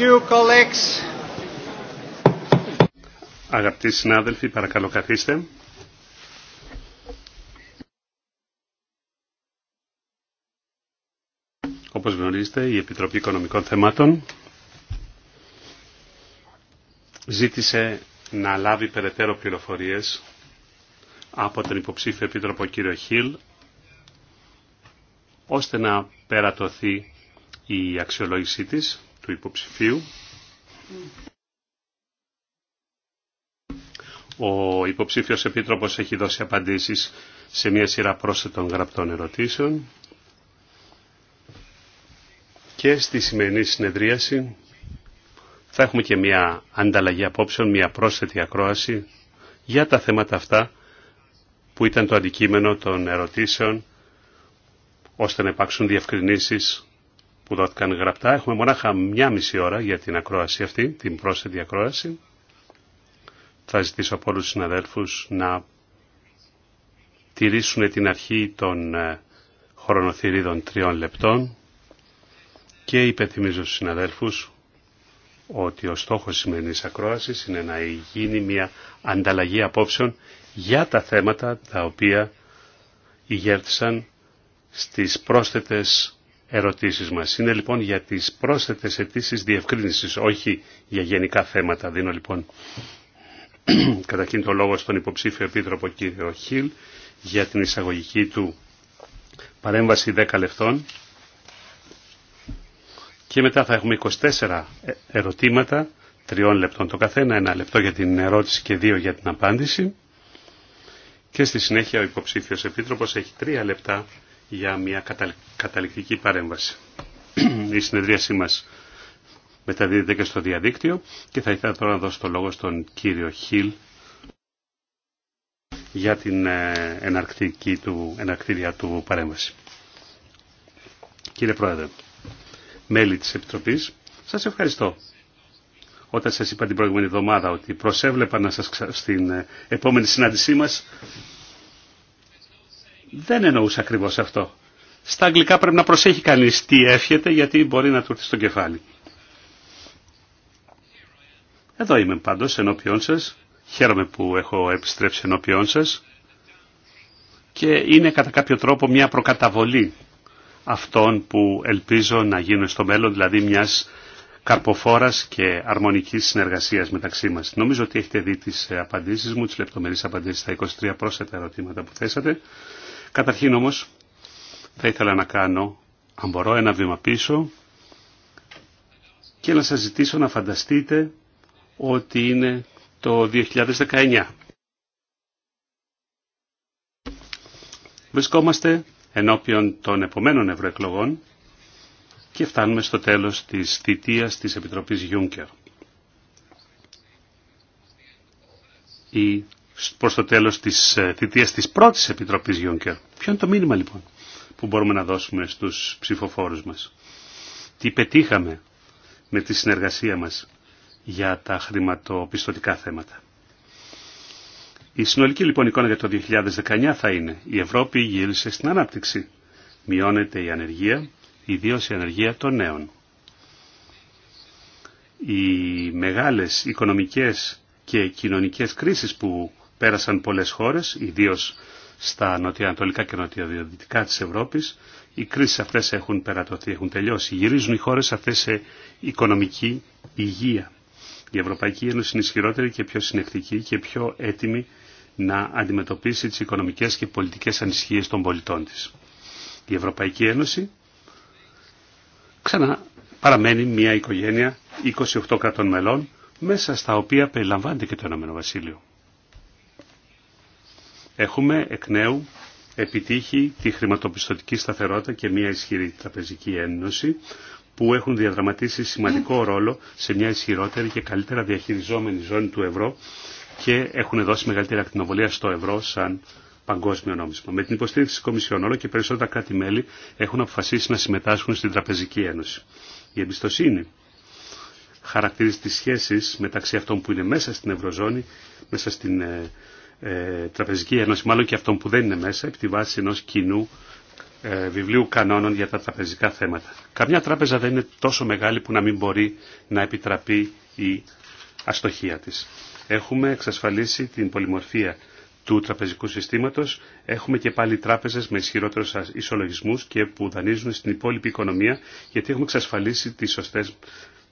you, Αγαπητοί συνάδελφοι, παρακαλώ καθίστε. Όπως γνωρίζετε, η Επιτροπή Οικονομικών Θεμάτων ζήτησε να λάβει περαιτέρω πληροφορίες από τον υποψήφιο Επίτροπο κύριο Χιλ ώστε να περατωθεί η αξιολόγησή της του υποψηφίου. Ο υποψήφιος επίτροπος έχει δώσει απαντήσεις σε μια σειρά πρόσθετων γραπτών ερωτήσεων και στη σημερινή συνεδρίαση θα έχουμε και μια ανταλλαγή απόψεων, μια πρόσθετη ακρόαση για τα θέματα αυτά που ήταν το αντικείμενο των ερωτήσεων ώστε να υπάρξουν διευκρινήσεις που δόθηκαν γραπτά. Έχουμε μονάχα μια μισή ώρα για την ακρόαση αυτή, την πρόσθετη ακρόαση. Θα ζητήσω από όλους τους συναδέλφους να τηρήσουν την αρχή των ε, χρονοθυρίδων τριών λεπτών και υπενθυμίζω στους συναδέλφους ότι ο στόχος σημερινής ακρόασης είναι να γίνει μια ανταλλαγή απόψεων για τα θέματα τα οποία ηγέρθησαν στις πρόσθετες ερωτήσεις μας. Είναι λοιπόν για τις πρόσθετες αιτήσει διευκρίνησης, όχι για γενικά θέματα. Δίνω λοιπόν καταρχήν το λόγο στον υποψήφιο επίτροπο κύριο Χιλ για την εισαγωγική του παρέμβαση 10 λεπτών και μετά θα έχουμε 24 ε, ερωτήματα, 3 λεπτών το καθένα, ένα λεπτό για την ερώτηση και δύο για την απάντηση και στη συνέχεια ο υποψήφιος επίτροπος έχει 3 λεπτά για μια καταληκτική παρέμβαση. Η συνεδρίασή μας μεταδίδεται και στο διαδίκτυο και θα ήθελα τώρα να δώσω το λόγο στον κύριο Χιλ για την ε, εναρκτική του, εναρκτήρια του παρέμβαση. Κύριε Πρόεδρε, μέλη της Επιτροπής, σας ευχαριστώ. Όταν σας είπα την προηγούμενη εβδομάδα ότι προσέβλεπα να σας στην ε, επόμενη συνάντησή μας, δεν εννοούσα ακριβώς αυτό. Στα αγγλικά πρέπει να προσέχει κανείς τι εύχεται γιατί μπορεί να του έρθει στο κεφάλι. Εδώ είμαι πάντως ενώπιόν σας. Χαίρομαι που έχω επιστρέψει ενώπιόν σας. Και είναι κατά κάποιο τρόπο μια προκαταβολή αυτών που ελπίζω να γίνουν στο μέλλον, δηλαδή μιας καρποφόρας και αρμονικής συνεργασίας μεταξύ μας. Νομίζω ότι έχετε δει τις απαντήσεις μου, τις λεπτομερείς απαντήσεις στα 23 πρόσθετα ερωτήματα που θέσατε. Καταρχήν όμως θα ήθελα να κάνω, αν μπορώ, ένα βήμα πίσω και να σας ζητήσω να φανταστείτε ότι είναι το 2019. Βρισκόμαστε ενώπιον των επομένων ευρωεκλογών και φτάνουμε στο τέλος της θητείας της Επιτροπής Juncker. Η προς το τέλος της ε, θητείας της πρώτης Επιτροπής γιονκερ; Ποιο είναι το μήνυμα λοιπόν που μπορούμε να δώσουμε στους ψηφοφόρους μας. Τι πετύχαμε με τη συνεργασία μας για τα χρηματοπιστωτικά θέματα. Η συνολική λοιπόν εικόνα για το 2019 θα είναι η Ευρώπη γύρισε στην ανάπτυξη. Μειώνεται η ανεργία, ιδίω η ανεργία των νέων. Οι μεγάλες οικονομικές και κοινωνικές κρίσεις που πέρασαν πολλές χώρες, ιδίως στα νοτιοανατολικά και νοτιοδυτικά της Ευρώπης. Οι κρίσεις αυτές έχουν περατωθεί, έχουν τελειώσει. Γυρίζουν οι χώρες αυτές σε οικονομική υγεία. Η Ευρωπαϊκή Ένωση είναι ισχυρότερη και πιο συνεκτική και πιο έτοιμη να αντιμετωπίσει τις οικονομικές και πολιτικές ανησυχίες των πολιτών της. Η Ευρωπαϊκή Ένωση ξανά παραμένει μια οικογένεια 28 κρατών μελών μέσα στα οποία περιλαμβάνεται και το Ηνωμένο Βασίλειο έχουμε εκ νέου επιτύχει τη χρηματοπιστωτική σταθερότητα και μια ισχυρή τραπεζική ένωση που έχουν διαδραματίσει σημαντικό ρόλο σε μια ισχυρότερη και καλύτερα διαχειριζόμενη ζώνη του ευρώ και έχουν δώσει μεγαλύτερη ακτινοβολία στο ευρώ σαν παγκόσμιο νόμισμα. Με την υποστήριξη της Κομισιόν, όλο και περισσότερα κράτη-μέλη έχουν αποφασίσει να συμμετάσχουν στην Τραπεζική Ένωση. Η εμπιστοσύνη χαρακτηρίζει τις σχέσεις μεταξύ αυτών που είναι μέσα στην Ευρωζώνη, μέσα στην ε, ε, Τραπεζική Ένωση, μάλλον και αυτών που δεν είναι μέσα, επί τη βάση ενό κοινού ε, βιβλίου κανόνων για τα τραπεζικά θέματα. Καμιά τράπεζα δεν είναι τόσο μεγάλη που να μην μπορεί να επιτραπεί η αστοχία της. Έχουμε εξασφαλίσει την πολυμορφία του τραπεζικού συστήματος. Έχουμε και πάλι τράπεζες με ισχυρότερου ισολογισμού και που δανείζουν στην υπόλοιπη οικονομία γιατί έχουμε εξασφαλίσει τι σωστέ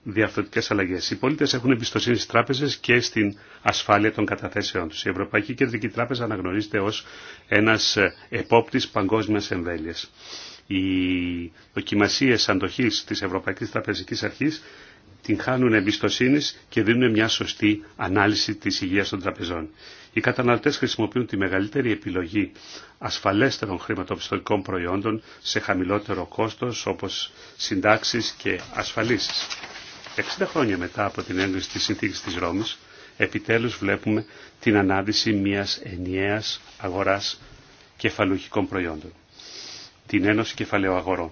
διαρθρωτικές αλλαγές. Οι πολίτες έχουν εμπιστοσύνη στις τράπεζες και στην ασφάλεια των καταθέσεών τους. Η Ευρωπαϊκή Κεντρική Τράπεζα αναγνωρίζεται ως ένας ε, επόπτης παγκόσμιας εμβέλειας. Οι δοκιμασίες αντοχής της Ευρωπαϊκής Τραπεζικής Αρχής την χάνουν εμπιστοσύνη και δίνουν μια σωστή ανάλυση τη υγεία των τραπεζών. Οι καταναλωτέ χρησιμοποιούν τη μεγαλύτερη επιλογή ασφαλέστερων χρηματοπιστωτικών προϊόντων σε χαμηλότερο κόστο όπω συντάξει και ασφαλίσει. 60 χρόνια μετά από την έγκριση της συνθήκης της Ρώμης, επιτέλους βλέπουμε την ανάδυση μιας ενιαίας αγοράς κεφαλουχικών προϊόντων. Την Ένωση Κεφαλαίου Αγορών.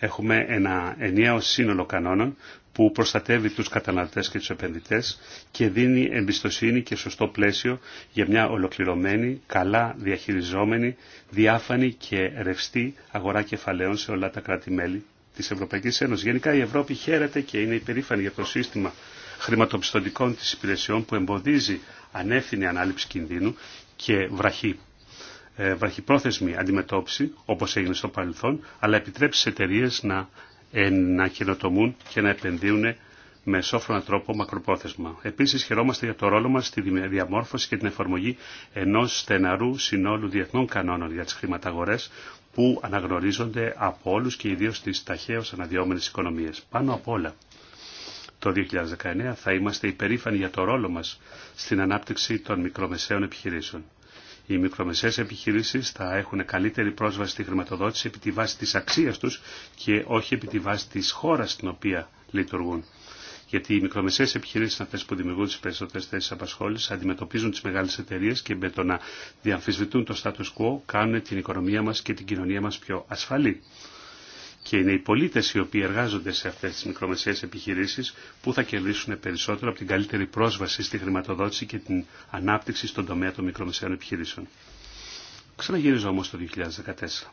Έχουμε ένα ενιαίο σύνολο κανόνων που προστατεύει τους καταναλωτές και τους επενδυτές και δίνει εμπιστοσύνη και σωστό πλαίσιο για μια ολοκληρωμένη, καλά διαχειριζόμενη, διάφανη και ρευστή αγορά κεφαλαίων σε όλα τα κράτη-μέλη Τη Ευρωπαϊκή Ένωση. Γενικά η Ευρώπη χαίρεται και είναι υπερήφανη για το σύστημα χρηματοπιστωτικών τη υπηρεσιών που εμποδίζει ανεύθυνη ανάληψη κινδύνου και βραχή ε, βραχυπρόθεσμη αντιμετώπιση, όπω έγινε στο παρελθόν, αλλά επιτρέψει στι εταιρείε να, ε, να καινοτομούν και να επενδύουν με σόφρονα τρόπο μακροπρόθεσμα. Επίση, χαιρόμαστε για το ρόλο μα στη διαμόρφωση και την εφαρμογή ενό στεναρού συνόλου διεθνών κανόνων για τι χρηματαγορέ, που αναγνωρίζονται από όλους και ιδίως στις ταχαίως αναδυόμενες οικονομίες. Πάνω απ' όλα, το 2019 θα είμαστε υπερήφανοι για το ρόλο μας στην ανάπτυξη των μικρομεσαίων επιχειρήσεων. Οι μικρομεσαίες επιχειρήσεις θα έχουν καλύτερη πρόσβαση στη χρηματοδότηση επί τη βάση της αξίας τους και όχι επί τη βάση της χώρας στην οποία λειτουργούν. Γιατί οι μικρομεσαίες επιχειρήσεις αυτές που δημιουργούν τις περισσότερες θέσεις απασχόλησης, αντιμετωπίζουν τις μεγάλες εταιρείες και με το να διαμφισβητούν το status quo κάνουν την οικονομία μας και την κοινωνία μας πιο ασφαλή. Και είναι οι πολίτες οι οποίοι εργάζονται σε αυτές τις μικρομεσαίες επιχειρήσεις που θα κερδίσουν περισσότερο από την καλύτερη πρόσβαση στη χρηματοδότηση και την ανάπτυξη στον τομέα των μικρομεσαίων επιχειρήσεων. Ξαναγυρίζω όμως το 2014.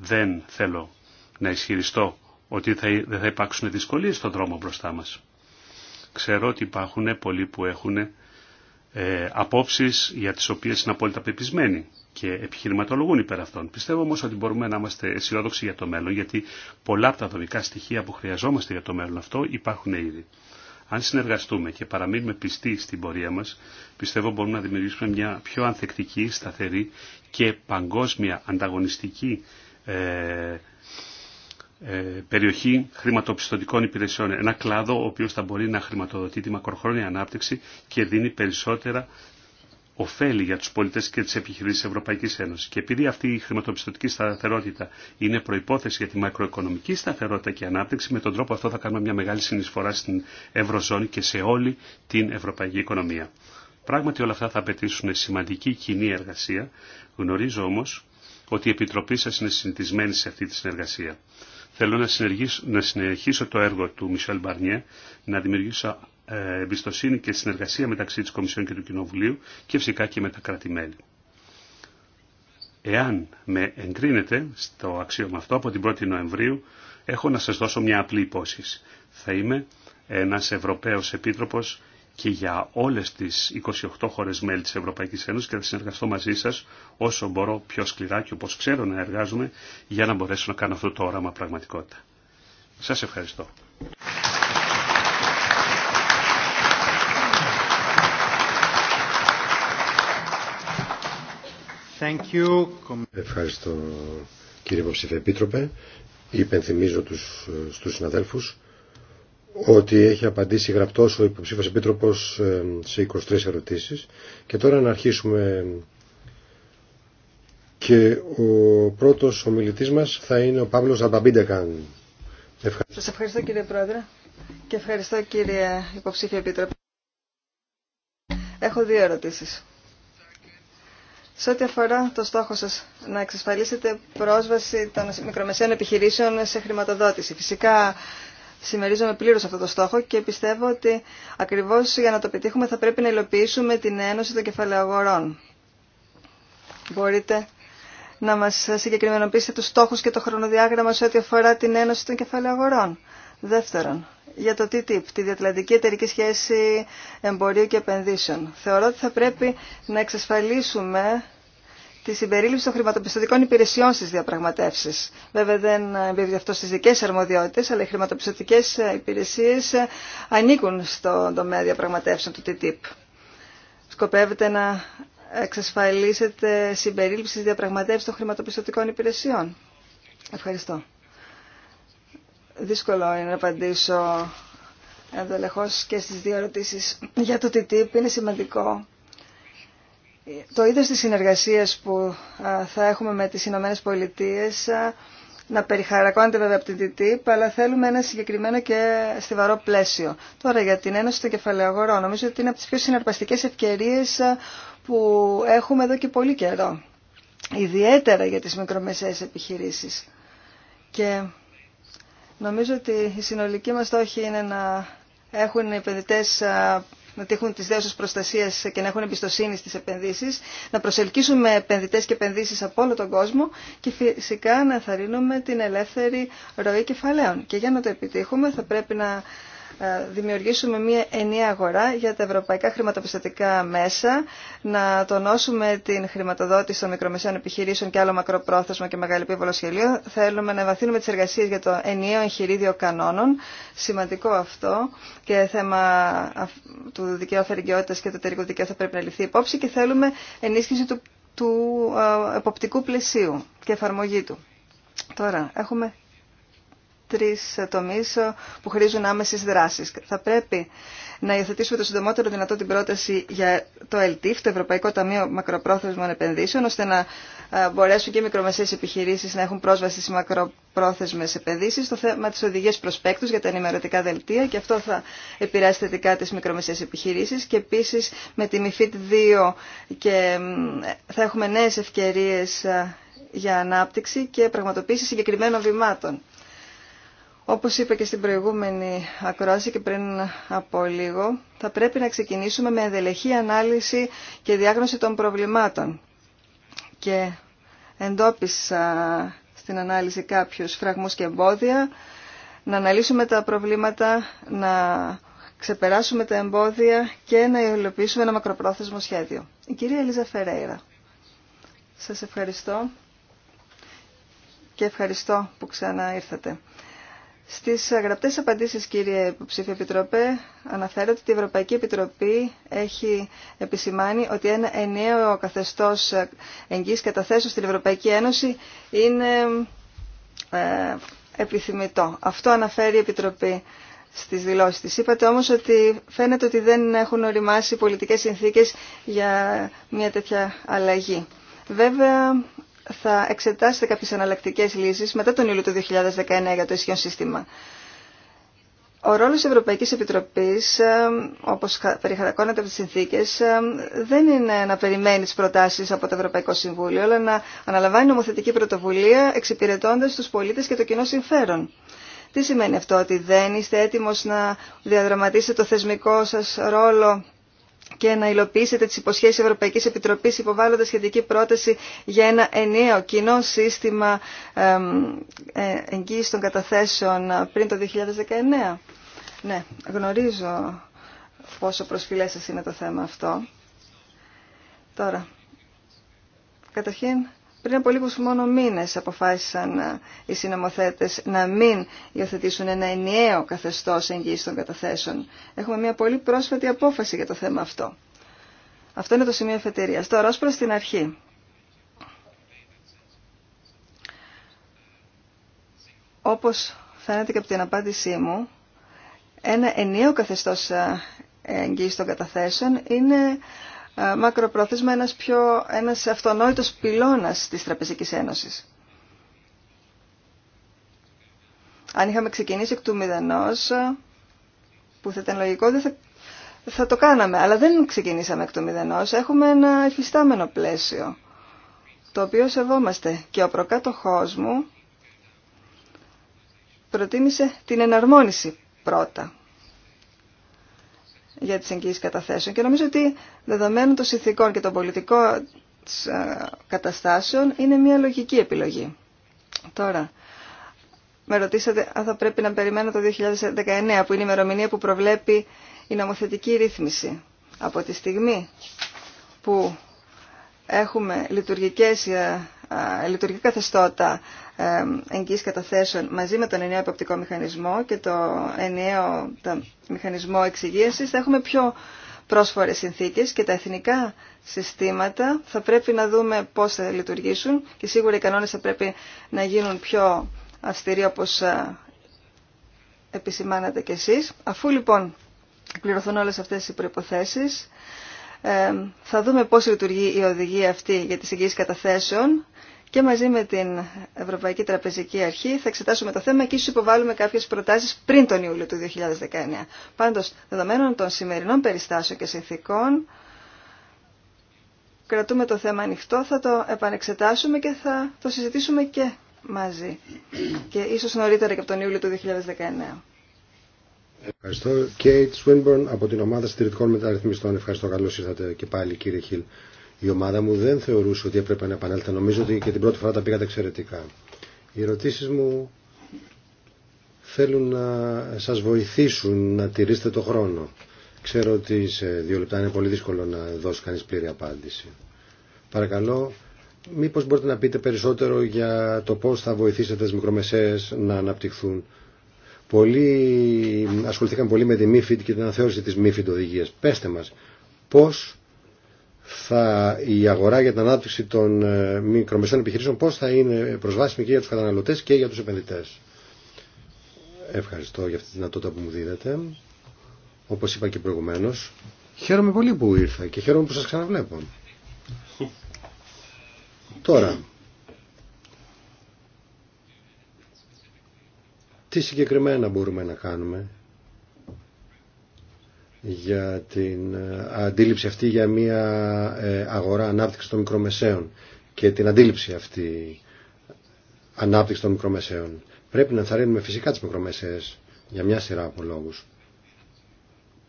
Δεν θέλω να ισχυριστώ ότι θα, δεν θα υπάρξουν δυσκολίες στον δρόμο μπροστά μας. Ξέρω ότι υπάρχουν πολλοί που έχουν ε, απόψεις για τις οποίες είναι απόλυτα πεπισμένοι και επιχειρηματολογούν υπέρ αυτών. Πιστεύω όμως ότι μπορούμε να είμαστε αισιόδοξοι για το μέλλον, γιατί πολλά από τα δομικά στοιχεία που χρειαζόμαστε για το μέλλον αυτό υπάρχουν ήδη. Αν συνεργαστούμε και παραμείνουμε πιστοί στην πορεία μας, πιστεύω μπορούμε να δημιουργήσουμε μια πιο ανθεκτική, σταθερή και παγκόσμια ανταγωνιστική ε, ε, περιοχή χρηματοπιστωτικών υπηρεσιών. Ένα κλάδο ο οποίος θα μπορεί να χρηματοδοτεί τη μακροχρόνια ανάπτυξη και δίνει περισσότερα ωφέλη για τους πολίτες και τις επιχειρήσεις της Ευρωπαϊκής Ένωσης. Και επειδή αυτή η χρηματοπιστωτική σταθερότητα είναι προϋπόθεση για τη μακροοικονομική σταθερότητα και ανάπτυξη, με τον τρόπο αυτό θα κάνουμε μια μεγάλη συνεισφορά στην Ευρωζώνη και σε όλη την Ευρωπαϊκή Οικονομία. Πράγματι όλα αυτά θα απαιτήσουν σημαντική κοινή εργασία. Γνωρίζω όμως ότι η Επιτροπή σας είναι συνηθισμένη σε αυτή τη συνεργασία. Θέλω να, να συνεχίσω το έργο του Μισελ Μπαρνιέ, να δημιουργήσω ε, εμπιστοσύνη και συνεργασία μεταξύ της Κομισιόν και του Κοινοβουλίου και φυσικά και με τα κράτη-μέλη. Εάν με εγκρίνετε στο αξίωμα αυτό από την 1η Νοεμβρίου, έχω να σας δώσω μια απλή υπόσχεση. Θα είμαι ένας Ευρωπαίος Επίτροπος και για όλες τις 28 χώρες μέλη της Ευρωπαϊκής Ένωσης και θα συνεργαστώ μαζί σας όσο μπορώ πιο σκληρά και όπως ξέρω να εργάζομαι για να μπορέσω να κάνω αυτό το όραμα πραγματικότητα. Σας ευχαριστώ. Thank you. Ευχαριστώ κύριε Υποψηφιέ Επίτροπε. Υπενθυμίζω τους, στους συναδέλφους ότι έχει απαντήσει γραπτό ο υποψήφιος επίτροπος ε, σε 23 ερωτήσεις και τώρα να αρχίσουμε και ο πρώτος ομιλητής μας θα είναι ο Παύλος Αμπαμπίντεκαν. Ευχαριστώ. ευχαριστώ κύριε Πρόεδρε και ευχαριστώ κύριε υποψήφιο επίτροπο. Έχω δύο ερωτήσεις. Σε ό,τι αφορά το στόχο σας να εξασφαλίσετε πρόσβαση των μικρομεσαίων επιχειρήσεων σε χρηματοδότηση. Φυσικά συμμερίζομαι πλήρως αυτό το στόχο και πιστεύω ότι ακριβώς για να το πετύχουμε θα πρέπει να υλοποιήσουμε την Ένωση των Αγορών. Μπορείτε να μας συγκεκριμενοποιήσετε τους στόχους και το χρονοδιάγραμμα σε ό,τι αφορά την Ένωση των Αγορών. Δεύτερον, για το TTIP, τη Διατλαντική Εταιρική Σχέση Εμπορίου και Επενδύσεων. Θεωρώ ότι θα πρέπει να εξασφαλίσουμε τη συμπερίληψη των χρηματοπιστωτικών υπηρεσιών στι διαπραγματεύσει. Βέβαια δεν εμπίπτει αυτό στι δικέ αρμοδιότητε, αλλά οι χρηματοπιστωτικέ υπηρεσίε ανήκουν στον τομέα διαπραγματεύσεων του TTIP. Σκοπεύετε να εξασφαλίσετε συμπερίληψη στι διαπραγματεύσει των χρηματοπιστωτικών υπηρεσιών. Ευχαριστώ. Δύσκολο είναι να απαντήσω ενδελεχώ και στι δύο ερωτήσει για το TTIP. Είναι σημαντικό το είδος της συνεργασίας που θα έχουμε με τις Ηνωμένες Πολιτείες να περιχαρακώνεται βέβαια από την TTIP, αλλά θέλουμε ένα συγκεκριμένο και στιβαρό πλαίσιο. Τώρα για την Ένωση των Κεφαλαίων νομίζω ότι είναι από τις πιο συναρπαστικές ευκαιρίες που έχουμε εδώ και πολύ καιρό. Ιδιαίτερα για τις μικρομεσαίες επιχειρήσεις. Και νομίζω ότι η συνολική μας στόχη είναι να έχουν οι επενδυτές να τύχουν τι δέωσες προστασία και να έχουν εμπιστοσύνη στι επενδύσει, να προσελκύσουμε επενδυτέ και επενδύσει από όλο τον κόσμο και φυσικά να θαρρύνουμε την ελεύθερη ροή κεφαλαίων. Και για να το επιτύχουμε θα πρέπει να ε, δημιουργήσουμε μια ενιαία αγορά για τα ευρωπαϊκά χρηματοπιστωτικά μέσα, να τονώσουμε την χρηματοδότηση των μικρομεσαίων επιχειρήσεων και άλλο μακροπρόθεσμο και μεγάλη πίβολο σχελίο. Θέλουμε να ευαθύνουμε τι εργασίε για το ενιαίο εγχειρίδιο κανόνων, σημαντικό αυτό και θέμα του δικαίου αφαιρεγκαιότητα και του εταιρικού δικαίου θα πρέπει να ληφθεί υπόψη και θέλουμε ενίσχυση του, του ε, εποπτικού πλαισίου και εφαρμογή του. Τώρα, έχουμε τρεις τομείς ε, που χρήζουν άμεσης δράσης. Θα πρέπει να υιοθετήσουμε το συντομότερο δυνατό την πρόταση για το ΕΛΤΙΦ, το Ευρωπαϊκό Ταμείο Μακροπρόθεσμων Επενδύσεων, ώστε να ε, μπορέσουν και οι μικρομεσαίες επιχειρήσεις να έχουν πρόσβαση στις μακροπρόθεσμες επενδύσεις, το θέμα της οδηγίας προσπέκτους για τα ενημερωτικά δελτία και αυτό θα επηρεάσει θετικά τις μικρομεσαίες επιχειρήσεις και επίσης με τη MIFID 2 και θα έχουμε νέες ευκαιρίες ε, για ανάπτυξη και πραγματοποίηση συγκεκριμένων βημάτων. Όπως είπα και στην προηγούμενη ακρόαση και πριν από λίγο, θα πρέπει να ξεκινήσουμε με ενδελεχή ανάλυση και διάγνωση των προβλημάτων. Και εντόπισα στην ανάλυση κάποιους φραγμούς και εμπόδια, να αναλύσουμε τα προβλήματα, να ξεπεράσουμε τα εμπόδια και να υλοποιήσουμε ένα μακροπρόθεσμο σχέδιο. Η κυρία Ελίζα Φερέιρα. Σας ευχαριστώ και ευχαριστώ που ξανά ήρθατε. Στις γραπτές απαντήσεις, κύριε Υποψήφιο Επιτροπέ, αναφέρεται ότι η Ευρωπαϊκή Επιτροπή έχει επισημάνει ότι ένα ενιαίο καθεστώς εγγύης καταθέσεως στην Ευρωπαϊκή Ένωση είναι ε, επιθυμητό. Αυτό αναφέρει η Επιτροπή στις δηλώσεις της. Είπατε όμως ότι φαίνεται ότι δεν έχουν οριμάσει πολιτικές συνθήκες για μια τέτοια αλλαγή. Βέβαια, θα εξετάσετε κάποιε αναλλακτικέ λύσεις μετά τον Ιούλιο του 2019 για το ισχυρό σύστημα. Ο ρόλος της Ευρωπαϊκής Επιτροπής, ε, όπως περιχαρακώνεται από τι συνθήκες, ε, δεν είναι να περιμένει τι προτάσεις από το Ευρωπαϊκό Συμβούλιο, αλλά να αναλαμβάνει νομοθετική πρωτοβουλία εξυπηρετώντα του πολίτε και το κοινό συμφέρον. Τι σημαίνει αυτό, ότι δεν είστε έτοιμος να διαδραματίσετε το θεσμικό σας ρόλο και να υλοποιήσετε τις υποσχέσεις Ευρωπαϊκής Επιτροπής υποβάλλοντας σχετική πρόταση για ένα ενιαίο κοινό σύστημα ε, εγγύησης των καταθέσεων πριν το 2019. Ναι, γνωρίζω πόσο προσφυλέ σα είναι το θέμα αυτό. Τώρα, καταρχήν πριν από λίγους μόνο μήνες αποφάσισαν ε, οι συνομοθέτες να μην υιοθετήσουν ένα ενιαίο καθεστώς εγγύηση των καταθέσεων. Έχουμε μια πολύ πρόσφατη απόφαση για το θέμα αυτό. Αυτό είναι το σημείο εφετηρίας. Τώρα, ως προς την αρχή. Όπως φαίνεται και από την απάντησή μου, ένα ενιαίο καθεστώς ε, εγγύηση των καταθέσεων είναι ε, μακροπρόθεσμα ένας, πιο, ένας αυτονόητος πυλώνας της Τραπεζικής Ένωσης. Αν είχαμε ξεκινήσει εκ του μηδενός, ε, που θα ήταν λογικό, δεν θα, θα το κάναμε. Αλλά δεν ξεκινήσαμε εκ του μηδενός. Έχουμε ένα εφιστάμενο πλαίσιο, το οποίο σεβόμαστε. Και ο προκάτοχός μου προτίμησε την εναρμόνιση πρώτα για τις εγγύησεις καταθέσεων. Και νομίζω ότι δεδομένου των συνθηκών και των πολιτικών ε, καταστάσεων είναι μια λογική επιλογή. Τώρα, με ρωτήσατε αν θα πρέπει να περιμένω το 2019 που είναι η ημερομηνία που προβλέπει η νομοθετική ρύθμιση. Από τη στιγμή που έχουμε λειτουργικές, ε, ε, λειτουργική καθεστώτα εγγύης καταθέσεων μαζί με τον ενιαίο εποπτικό μηχανισμό και το ενιαίο το μηχανισμό εξυγίασης θα έχουμε πιο πρόσφορες συνθήκες και τα εθνικά συστήματα θα πρέπει να δούμε πώς θα λειτουργήσουν και σίγουρα οι κανόνες θα πρέπει να γίνουν πιο αυστηροί όπως ε, επισημάνατε κι εσείς. Αφού λοιπόν πληρωθούν όλες αυτές οι προϋποθέσεις θα δούμε πώς λειτουργεί η οδηγία αυτή για τις εγγύησεις καταθέσεων και μαζί με την Ευρωπαϊκή Τραπεζική Αρχή θα εξετάσουμε το θέμα και ίσως υποβάλουμε κάποιες προτάσεις πριν τον Ιούλιο του 2019. Πάντως, δεδομένων των σημερινών περιστάσεων και συνθήκων, κρατούμε το θέμα ανοιχτό, θα το επανεξετάσουμε και θα το συζητήσουμε και μαζί. Και ίσως νωρίτερα και από τον Ιούλιο του 2019. Ευχαριστώ. Κέιτ Σουίνμπορν από την ομάδα συντηρητικών μεταρρυθμιστών. Ευχαριστώ. Καλώ ήρθατε και πάλι κύριε Χιλ. Η ομάδα μου δεν θεωρούσε ότι έπρεπε να επανέλθω. Νομίζω ότι και την πρώτη φορά τα πήγατε εξαιρετικά. Οι ερωτήσεις μου θέλουν να σας βοηθήσουν να τηρήσετε το χρόνο. Ξέρω ότι σε δύο λεπτά είναι πολύ δύσκολο να δώσει κανείς πλήρη απάντηση. Παρακαλώ, μήπως μπορείτε να πείτε περισσότερο για το πώς θα βοηθήσετε τις μικρομεσαίες να αναπτυχθούν. Πολλοί ασχοληθήκαν πολύ με τη MIFID και την αναθεώρηση της MIFID οδηγίας. Πέστε μας, πώς θα, η αγορά για την ανάπτυξη των ε, μικρομεσαίων επιχειρήσεων πώς θα είναι προσβάσιμη και για τους καταναλωτές και για τους επενδυτές. Ευχαριστώ για αυτή τη δυνατότητα που μου δίδετε. Όπως είπα και προηγουμένως, χαίρομαι πολύ που ήρθα και χαίρομαι που σας ξαναβλέπω. Τώρα, τι συγκεκριμένα μπορούμε να κάνουμε για την ε, αντίληψη αυτή για μια ε, αγορά ανάπτυξη των μικρομεσαίων και την αντίληψη αυτή ανάπτυξη των μικρομεσαίων. Πρέπει να ενθαρρύνουμε φυσικά τις μικρομεσαίες για μια σειρά από λόγους.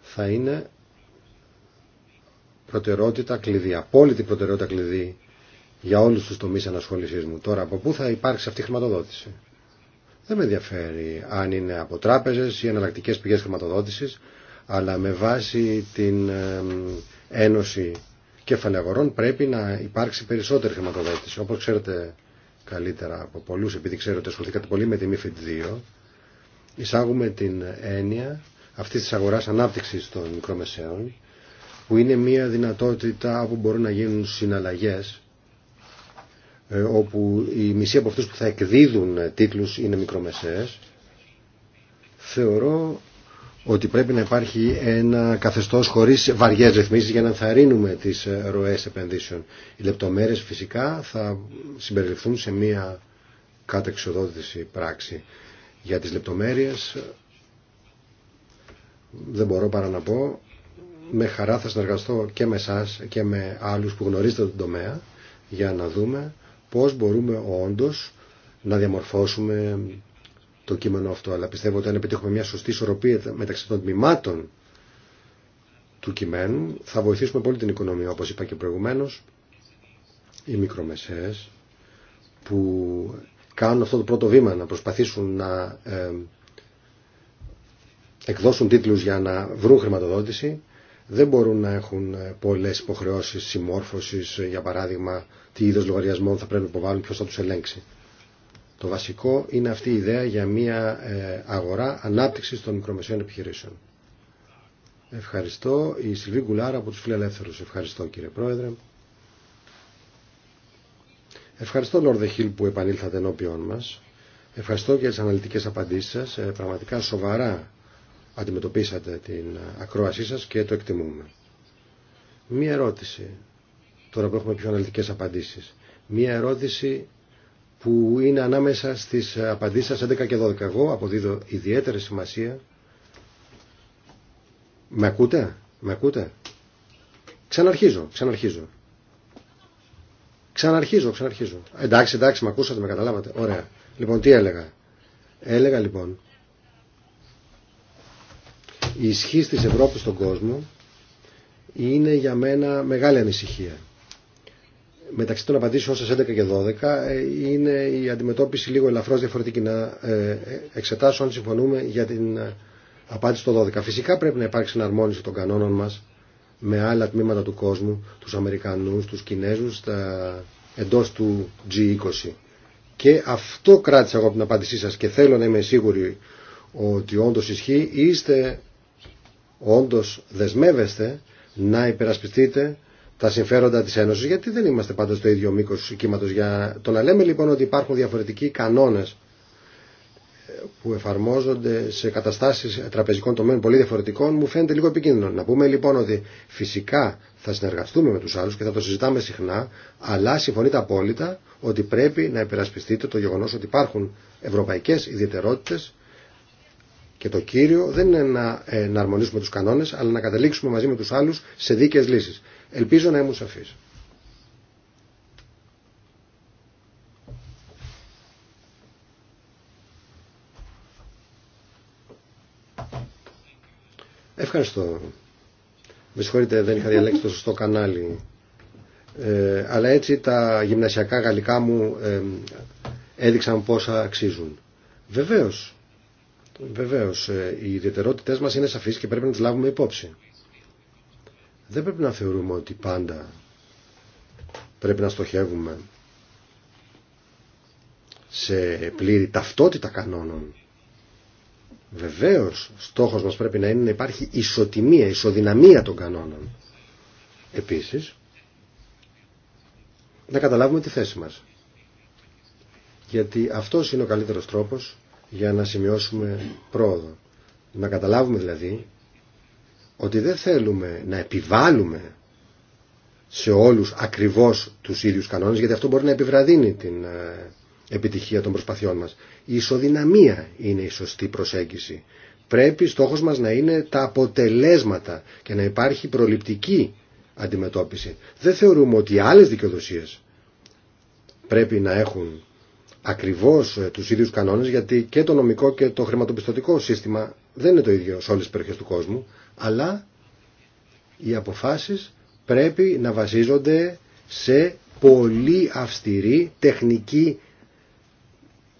Θα είναι προτεραιότητα κλειδί, απόλυτη προτεραιότητα κλειδί για όλους τους τομείς ανασχόλησής μου. Τώρα από πού θα υπάρξει αυτή η χρηματοδότηση. Δεν με ενδιαφέρει αν είναι από τράπεζες ή εναλλακτικές πηγές χρηματοδότησης αλλά με βάση την Ένωση Κεφαλαιαγορών πρέπει να υπάρξει περισσότερη χρηματοδότηση. Όπως ξέρετε καλύτερα από πολλούς, επειδή ξέρω ότι ασχοληθήκατε πολύ με τη MIFID 2, εισάγουμε την έννοια αυτής της αγοράς ανάπτυξης των μικρομεσαίων, που είναι μια δυνατότητα όπου μπορούν να γίνουν συναλλαγές, ε, όπου η μισή από αυτούς που θα εκδίδουν τίτλους είναι μικρομεσαίες, θεωρώ ότι πρέπει να υπάρχει ένα καθεστώς χωρίς βαριές ρυθμίσεις για να ενθαρρύνουμε τις ε, ροές επενδύσεων. Οι λεπτομέρειες φυσικά θα συμπεριληφθούν σε μία κατεξοδότηση πράξη. Για τις λεπτομέρειες δεν μπορώ παρά να πω με χαρά θα συνεργαστώ και με εσά και με άλλους που γνωρίζετε τον τομέα για να δούμε πώς μπορούμε όντως να διαμορφώσουμε το κείμενο αυτό, αλλά πιστεύω ότι αν επιτύχουμε μια σωστή ισορροπία μεταξύ των τμήματων του κειμένου, θα βοηθήσουμε πολύ την οικονομία, όπως είπα και προηγουμένως, οι μικρομεσαίες που κάνουν αυτό το πρώτο βήμα, να προσπαθήσουν να ε, εκδώσουν τίτλους για να βρουν χρηματοδότηση, δεν μπορούν να έχουν ε, πολλές υποχρεώσεις συμμόρφωσης, ε, για παράδειγμα, τι είδος λογαριασμών θα πρέπει να υποβάλουν, ποιος θα τους ελέγξει. Το βασικό είναι αυτή η ιδέα για μια ε, αγορά ανάπτυξης των μικρομεσαίων επιχειρήσεων. Ευχαριστώ. Η Σιλβί Γκουλάρα από τους Φιλελεύθερους. Ευχαριστώ κύριε Πρόεδρε. Ευχαριστώ Λόρδε Χίλ που επανήλθατε ενώπιόν μας. Ευχαριστώ για τις αναλυτικές απαντήσεις σας. Ε, πραγματικά σοβαρά αντιμετωπίσατε την ακρόασή σας και το εκτιμούμε. Μία ερώτηση, τώρα που έχουμε πιο αναλυτικές απαντήσεις. Μία ερώτηση που είναι ανάμεσα στις απαντήσεις σας 11 και 12. Εγώ αποδίδω ιδιαίτερη σημασία. Με ακούτε, με ακούτε. Ξαναρχίζω, ξαναρχίζω. Ξαναρχίζω, ξαναρχίζω. Εντάξει, εντάξει, με ακούσατε, με καταλάβατε. Ωραία. Λοιπόν, τι έλεγα. Έλεγα λοιπόν, η ισχύ της Ευρώπης στον κόσμο είναι για μένα μεγάλη ανησυχία μεταξύ των απαντήσεων σας 11 και 12 ε, είναι η αντιμετώπιση λίγο ελαφρώς διαφορετική να ε, εξετάσω αν συμφωνούμε για την ε, απάντηση στο 12. Φυσικά πρέπει να υπάρξει συναρμόνιση των κανόνων μας με άλλα τμήματα του κόσμου, τους Αμερικανούς, τους Κινέζους, τα... εντός του G20. Και αυτό κράτησα εγώ από την απάντησή σας και θέλω να είμαι σίγουρη ότι όντως ισχύει, είστε όντως δεσμεύεστε να υπερασπιστείτε τα συμφέροντα της Ένωσης, γιατί δεν είμαστε πάντα στο ίδιο μήκος κύματος. Για... Το να λέμε λοιπόν ότι υπάρχουν διαφορετικοί κανόνες που εφαρμόζονται σε καταστάσεις τραπεζικών τομέων πολύ διαφορετικών μου φαίνεται λίγο επικίνδυνο. Να πούμε λοιπόν ότι φυσικά θα συνεργαστούμε με τους άλλους και θα το συζητάμε συχνά, αλλά συμφωνείτε απόλυτα ότι πρέπει να υπερασπιστείτε το γεγονός ότι υπάρχουν ευρωπαϊκές ιδιαιτερότητες και το κύριο δεν είναι να αρμονίσουμε τους κανόνες, αλλά να καταλήξουμε μαζί με τους άλλους σε δίκαιες λύσεις. Ελπίζω να ήμουν σαφής. Ευχαριστώ. Με συγχωρείτε, δεν είχα διαλέξει το σωστό κανάλι. Ε, αλλά έτσι τα γυμνασιακά γαλλικά μου έδειξαν πόσα αξίζουν. Βεβαίως, βεβαίως, ε, οι ιδιαιτερότητες μας είναι σαφείς και πρέπει να τις λάβουμε υπόψη. Δεν πρέπει να θεωρούμε ότι πάντα πρέπει να στοχεύουμε σε πλήρη ταυτότητα κανόνων. Βεβαίως, στόχος μας πρέπει να είναι να υπάρχει ισοτιμία, ισοδυναμία των κανόνων. Επίσης, να καταλάβουμε τη θέση μας. Γιατί αυτός είναι ο καλύτερος τρόπος για να σημειώσουμε πρόοδο. Να καταλάβουμε δηλαδή ότι δεν θέλουμε να επιβάλλουμε σε όλους ακριβώς τους ίδιους κανόνες, γιατί αυτό μπορεί να επιβραδύνει την ε, επιτυχία των προσπαθειών μας. Η ισοδυναμία είναι η σωστή προσέγγιση. Πρέπει στόχος μας να είναι τα αποτελέσματα και να υπάρχει προληπτική αντιμετώπιση. Δεν θεωρούμε ότι οι άλλες δικαιοδοσίες πρέπει να έχουν ακριβώς ε, τους ίδιους κανόνες, γιατί και το νομικό και το χρηματοπιστωτικό σύστημα δεν είναι το ίδιο σε όλες τις περιοχές του κόσμου αλλά οι αποφάσεις πρέπει να βασίζονται σε πολύ αυστηρή τεχνική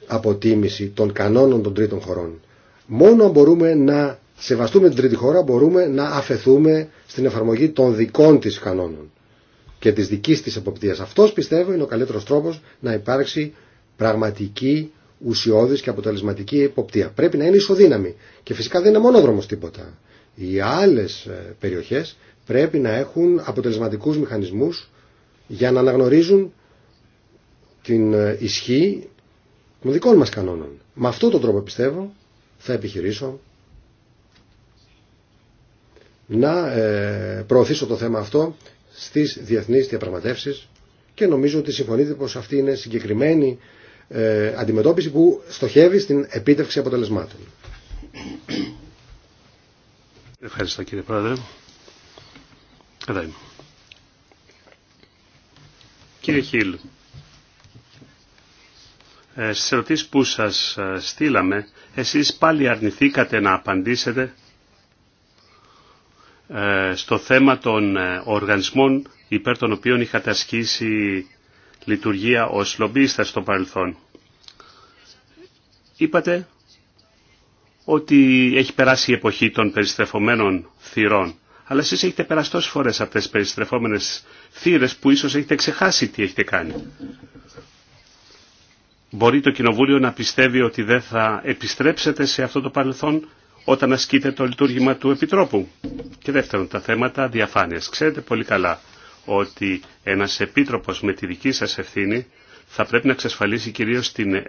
αποτίμηση των κανόνων των τρίτων χωρών. Μόνο αν μπορούμε να σεβαστούμε την τρίτη χώρα μπορούμε να αφαιθούμε στην εφαρμογή των δικών της κανόνων και της δικής της εποπτείας. Αυτός πιστεύω είναι ο καλύτερος τρόπος να υπάρξει πραγματική ουσιώδης και αποτελεσματική εποπτεία. Πρέπει να είναι ισοδύναμη και φυσικά δεν είναι μονόδρομος τίποτα. Οι άλλες ε, περιοχές πρέπει να έχουν αποτελεσματικούς μηχανισμούς για να αναγνωρίζουν την ε, ισχύ των δικών μας κανόνων. Με αυτόν τον τρόπο πιστεύω θα επιχειρήσω να ε, προωθήσω το θέμα αυτό στις διεθνείς διαπραγματεύσεις και νομίζω ότι συμφωνείτε πως αυτή είναι συγκεκριμένη αντιμετώπιση που στοχεύει στην επίτευξη αποτελεσμάτων. Ευχαριστώ κύριε Πρόεδρε. Εδώ είμαι. Κύριε ναι. Χίλ, ε, στις ερωτήσεις που σας ε, στείλαμε, εσείς πάλι αρνηθήκατε να απαντήσετε ε, στο θέμα των ε, οργανισμών υπέρ των οποίων είχατε ασκήσει λειτουργία ως λομπίστας στο παρελθόν. Είπατε ότι έχει περάσει η εποχή των περιστρεφωμένων θυρών. Αλλά εσείς έχετε περάσει τόσες φορές αυτές τις περιστρεφόμενες θύρες που ίσως έχετε ξεχάσει τι έχετε κάνει. Μπορεί το Κοινοβούλιο να πιστεύει ότι δεν θα επιστρέψετε σε αυτό το παρελθόν όταν ασκείτε το λειτουργήμα του Επιτρόπου. Και δεύτερον, τα θέματα διαφάνειας. Ξέρετε πολύ καλά ότι ένας επίτροπος με τη δική σας ευθύνη θα πρέπει να εξασφαλίσει κυρίως την,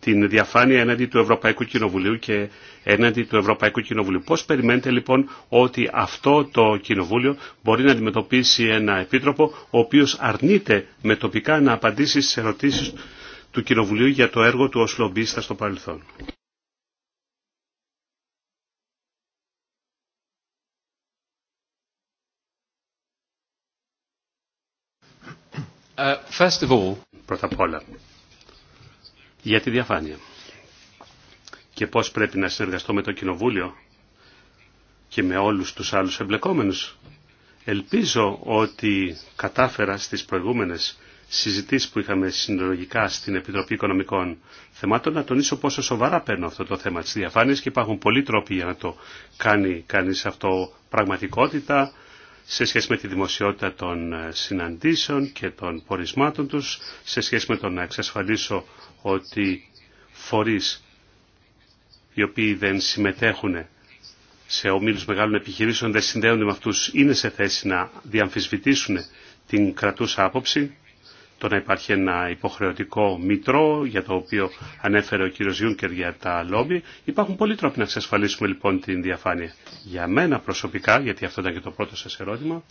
την διαφάνεια έναντι του Ευρωπαϊκού Κοινοβουλίου και έναντι του Ευρωπαϊκού Κοινοβουλίου. Πώς περιμένετε λοιπόν ότι αυτό το Κοινοβούλιο μπορεί να αντιμετωπίσει ένα επίτροπο ο οποίος αρνείται με τοπικά να απαντήσει στις ερωτήσεις του Κοινοβουλίου για το έργο του λομπίστα στο παρελθόν. Uh, first of all... Πρώτα απ' όλα, για τη διαφάνεια. Και πώς πρέπει να συνεργαστώ με το Κοινοβούλιο και με όλους τους άλλους εμπλεκόμενους. Ελπίζω ότι κατάφερα στις προηγούμενες συζητήσεις που είχαμε συνολογικά στην Επιτροπή Οικονομικών Θεμάτων να τονίσω πόσο σοβαρά παίρνω αυτό το θέμα της διαφάνειας και υπάρχουν πολλοί τρόποι για να το κάνει κανείς αυτό πραγματικότητα σε σχέση με τη δημοσιότητα των συναντήσεων και των πορισμάτων τους, σε σχέση με το να εξασφαλίσω ότι φορείς οι οποίοι δεν συμμετέχουν σε ομίλους μεγάλων επιχειρήσεων δεν συνδέονται με αυτούς είναι σε θέση να διαμφισβητήσουν την κρατούσα άποψη το να υπάρχει ένα υποχρεωτικό μητρό για το οποίο ανέφερε ο κύριος Γιούνκερ για τα λόμπι. Υπάρχουν πολλοί τρόποι να εξασφαλίσουμε λοιπόν την διαφάνεια. Για μένα προσωπικά, γιατί αυτό ήταν και το πρώτο σας ερώτημα,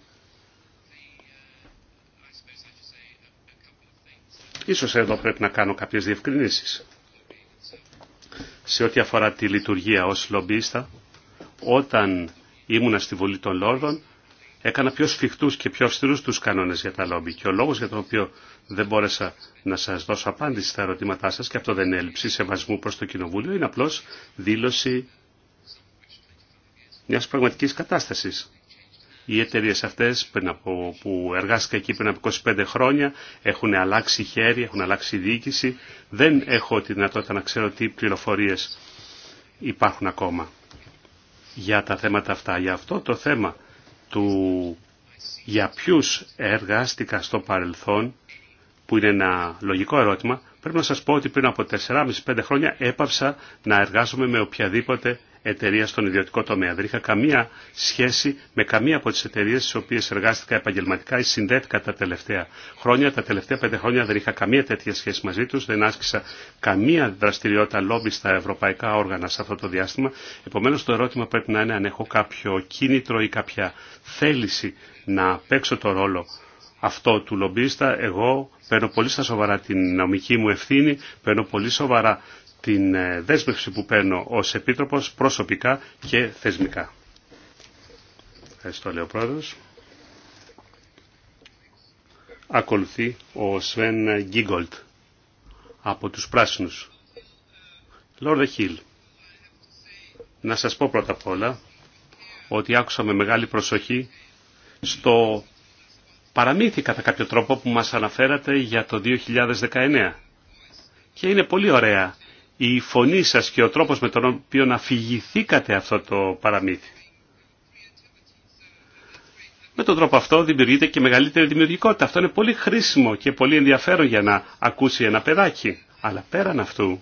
Ίσως εδώ πρέπει να κάνω κάποιες διευκρινήσεις. Σε ό,τι αφορά τη λειτουργία ως λομπίστα, όταν ήμουνα στη Βουλή των Λόρδων, έκανα πιο σφιχτούς και πιο αυστηρούς τους κανόνες για τα λόμπι. Και ο λόγος για τον οποίο δεν μπόρεσα να σας δώσω απάντηση στα ερωτήματά σας, και αυτό δεν είναι έλλειψη σεβασμού προς το Κοινοβούλιο, είναι απλώς δήλωση μιας πραγματικής κατάστασης. Οι εταιρείε αυτές που εργάστηκα εκεί πριν από 25 χρόνια έχουν αλλάξει χέρι, έχουν αλλάξει διοίκηση. Δεν έχω τη δυνατότητα να ξέρω τι πληροφορίε υπάρχουν ακόμα για τα θέματα αυτά. Για αυτό το θέμα του για ποιους εργάστηκα στο παρελθόν, που είναι ένα λογικό ερώτημα, πρέπει να σας πω ότι πριν από 4,5-5 χρόνια έπαυσα να εργάζομαι με οποιαδήποτε εταιρεία στον ιδιωτικό τομέα. Δεν είχα καμία σχέση με καμία από τι εταιρείε στι οποίε εργάστηκα επαγγελματικά ή συνδέθηκα τα τελευταία χρόνια. Τα τελευταία πέντε χρόνια δεν είχα καμία τέτοια σχέση μαζί του, δεν άσκησα καμία δραστηριότητα λόμπι στα ευρωπαϊκά όργανα σε αυτό το διάστημα. Επομένω το ερώτημα πρέπει να είναι αν έχω κάποιο κίνητρο ή κάποια θέληση να παίξω το ρόλο αυτό του λομπίστα, εγώ παίρνω πολύ στα σοβαρά την νομική μου ευθύνη, παίρνω πολύ σοβαρά την ε, δέσμευση που παίρνω ως Επίτροπος προσωπικά και θεσμικά. Ευχαριστώ, λέει ο Πρόεδρος. Ακολουθεί ο Σβέν Γκίγκολτ από τους Πράσινους. Λόρδε Χίλ, να σας πω πρώτα απ' όλα ότι άκουσα με μεγάλη προσοχή στο παραμύθι κατά κάποιο τρόπο που μας αναφέρατε για το 2019. Και είναι πολύ ωραία η φωνή σας και ο τρόπος με τον οποίο να φυγηθήκατε αυτό το παραμύθι. Με τον τρόπο αυτό δημιουργείται και μεγαλύτερη δημιουργικότητα. Αυτό είναι πολύ χρήσιμο και πολύ ενδιαφέρον για να ακούσει ένα παιδάκι. Αλλά πέραν αυτού,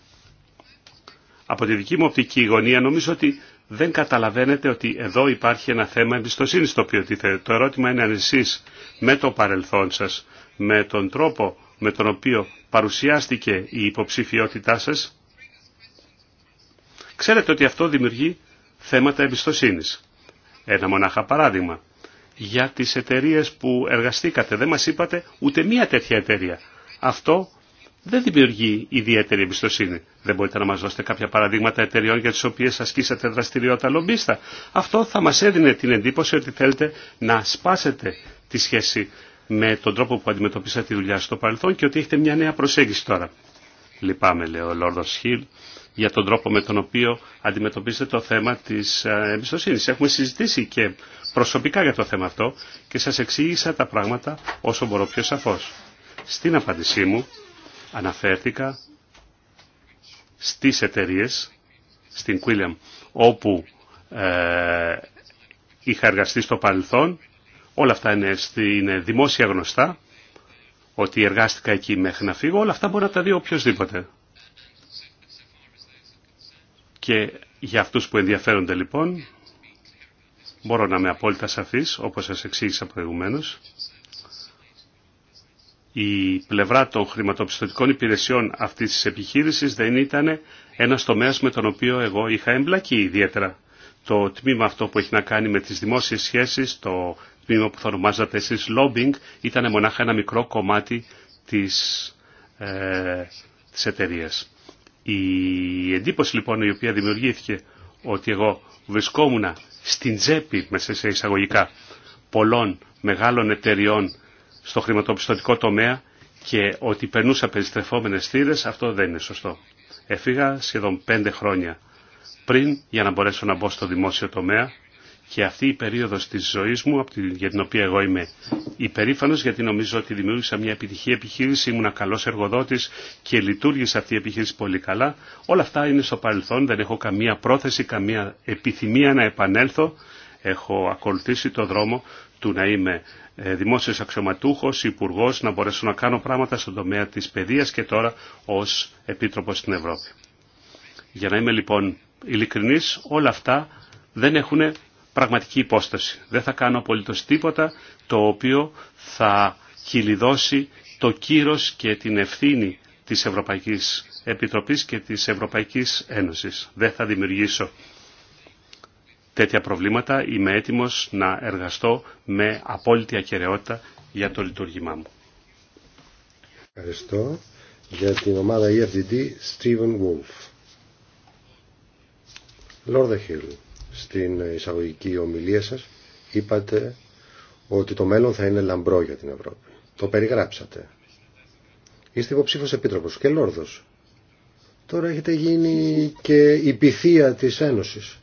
από τη δική μου οπτική γωνία νομίζω ότι δεν καταλαβαίνετε ότι εδώ υπάρχει ένα θέμα εμπιστοσύνη στο οποίο τίθεται. Το ερώτημα είναι αν εσεί με το παρελθόν σα, με τον τρόπο με τον οποίο παρουσιάστηκε η υποψηφιότητά σας, Ξέρετε ότι αυτό δημιουργεί θέματα εμπιστοσύνης. Ένα μονάχα παράδειγμα. Για τις εταιρείε που εργαστήκατε δεν μας είπατε ούτε μία τέτοια εταιρεία. Αυτό δεν δημιουργεί ιδιαίτερη εμπιστοσύνη. Δεν μπορείτε να μας δώσετε κάποια παραδείγματα εταιρεών για τις οποίες ασκήσατε δραστηριότητα λομπίστα. Αυτό θα μας έδινε την εντύπωση ότι θέλετε να σπάσετε τη σχέση με τον τρόπο που αντιμετωπίσατε τη δουλειά στο παρελθόν και ότι έχετε μια νέα προσέγγιση τώρα. Λυπάμαι, λέει ο Λόρδος Χιλ, για τον τρόπο με τον οποίο αντιμετωπίζετε το θέμα της ε, εμπιστοσύνη. Έχουμε συζητήσει και προσωπικά για το θέμα αυτό και σας εξήγησα τα πράγματα όσο μπορώ πιο σαφώς. Στην απάντησή μου αναφέρθηκα στις εταιρείε στην Quilliam, όπου ε, είχα εργαστεί στο παρελθόν. Όλα αυτά είναι, είναι δημόσια γνωστά, ότι εργάστηκα εκεί μέχρι να φύγω. Όλα αυτά μπορεί να τα δει οποιοδήποτε. Και για αυτούς που ενδιαφέρονται λοιπόν, μπορώ να είμαι απόλυτα σαφής, όπως σας εξήγησα προηγουμένως, η πλευρά των χρηματοπιστωτικών υπηρεσιών αυτής της επιχείρησης δεν ήταν ένας τομέας με τον οποίο εγώ είχα εμπλακεί ιδιαίτερα. Το τμήμα αυτό που έχει να κάνει με τις δημόσιες σχέσεις, το τμήμα που θα ονομάζατε εσείς lobbying, ήταν μονάχα ένα μικρό κομμάτι της, ε, εταιρείας. Η εντύπωση λοιπόν η οποία δημιουργήθηκε ότι εγώ βρισκόμουν στην τσέπη μέσα σε εισαγωγικά πολλών μεγάλων εταιριών στο χρηματοπιστωτικό τομέα και ότι περνούσα περιστρεφόμενες θύρες, αυτό δεν είναι σωστό. Έφυγα σχεδόν πέντε χρόνια πριν για να μπορέσω να μπω στο δημόσιο τομέα και αυτή η περίοδος της ζωής μου, για την οποία εγώ είμαι υπερήφανος, γιατί νομίζω ότι δημιούργησα μια επιτυχή επιχείρηση, ήμουν καλός εργοδότης και λειτουργήσα αυτή η επιχείρηση πολύ καλά. Όλα αυτά είναι στο παρελθόν, δεν έχω καμία πρόθεση, καμία επιθυμία να επανέλθω. Έχω ακολουθήσει το δρόμο του να είμαι ε, δημόσιος αξιωματούχος, υπουργός, να μπορέσω να κάνω πράγματα στον τομέα της παιδείας και τώρα ως επίτροπος στην Ευρώπη. Για να είμαι λοιπόν ειλικρινής, όλα αυτά δεν έχουν πραγματική υπόσταση. Δεν θα κάνω απολύτω τίποτα το οποίο θα κυλιδώσει το κύρος και την ευθύνη της Ευρωπαϊκής Επιτροπής και της Ευρωπαϊκής Ένωσης. Δεν θα δημιουργήσω τέτοια προβλήματα. Είμαι έτοιμος να εργαστώ με απόλυτη ακαιρεότητα για το λειτουργήμά μου. Ευχαριστώ για την ομάδα EFDD Steven Wolf στην εισαγωγική ομιλία σας είπατε ότι το μέλλον θα είναι λαμπρό για την Ευρώπη. Το περιγράψατε. Είστε υποψήφιος επίτροπος και λόρδος. Τώρα έχετε γίνει και η πυθία της Ένωσης.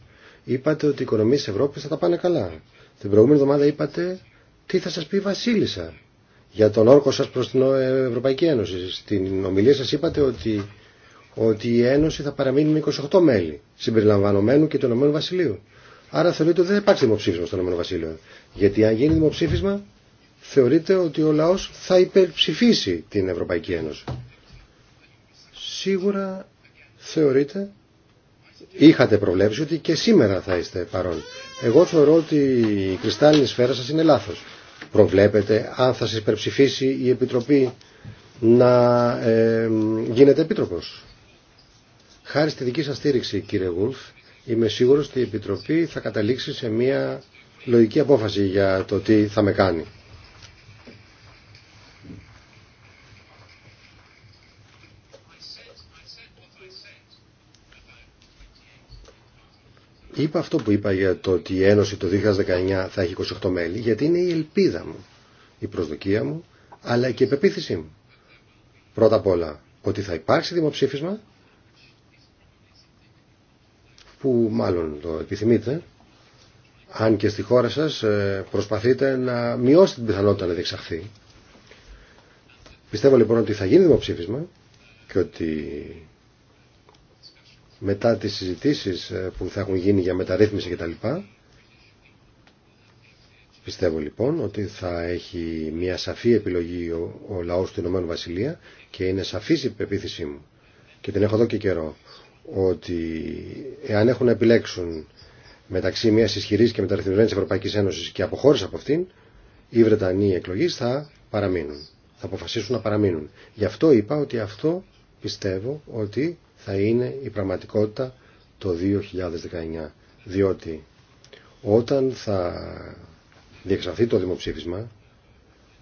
Είπατε ότι οι οικονομίες της Ευρώπης θα τα πάνε καλά. Την προηγούμενη εβδομάδα είπατε τι θα σας πει η Βασίλισσα για τον όρκο σας προς την Ευρωπαϊκή Ένωση. Στην ομιλία σας είπατε ότι ότι η Ένωση θα παραμείνει με 28 μέλη, συμπεριλαμβανομένου και του Ηνωμένου Βασιλείου. Άρα θεωρείται ότι δεν θα υπάρξει δημοψήφισμα στο Ηνωμένο Βασίλειο. Γιατί αν γίνει δημοψήφισμα, θεωρείτε ότι ο λαό θα υπερψηφίσει την Ευρωπαϊκή Ένωση. Σίγουρα θεωρείτε είχατε προβλέψει ότι και σήμερα θα είστε παρόν. Εγώ θεωρώ ότι η κρυστάλλινη σφαίρα σα είναι λάθο. Προβλέπετε αν θα σα υπερψηφίσει η Επιτροπή να ε, γίνετε επίτροπος. Χάρη στη δική σας στήριξη, κύριε Γουλφ, είμαι σίγουρος ότι η Επιτροπή θα καταλήξει σε μια λογική απόφαση για το τι θα με κάνει. Είπα αυτό που είπα για το ότι η Ένωση το 2019 θα έχει 28 μέλη, γιατί είναι η ελπίδα μου, η προσδοκία μου, αλλά και η πεποίθησή μου. Πρώτα απ' όλα, ότι θα υπάρξει δημοψήφισμα που μάλλον το επιθυμείτε, αν και στη χώρα σας ε, προσπαθείτε να μειώσετε την πιθανότητα να διεξαχθεί. Πιστεύω λοιπόν ότι θα γίνει δημοψήφισμα και ότι μετά τις συζητήσεις ε, που θα έχουν γίνει για μεταρρύθμιση κτλ. Πιστεύω λοιπόν ότι θα έχει μια σαφή επιλογή ο, ο λαός του Ηνωμένου Βασιλεία και είναι σαφής η πεποίθησή μου και την έχω εδώ και καιρό ότι εάν έχουν να επιλέξουν μεταξύ μια ισχυρή και μεταρρυθμισμένη Ευρωπαϊκή Ένωση και αποχώρηση από αυτήν, οι Βρετανοί εκλογεί θα παραμείνουν. Θα αποφασίσουν να παραμείνουν. Γι' αυτό είπα ότι αυτό πιστεύω ότι θα είναι η πραγματικότητα το 2019. Διότι όταν θα διεξαχθεί το δημοψήφισμα,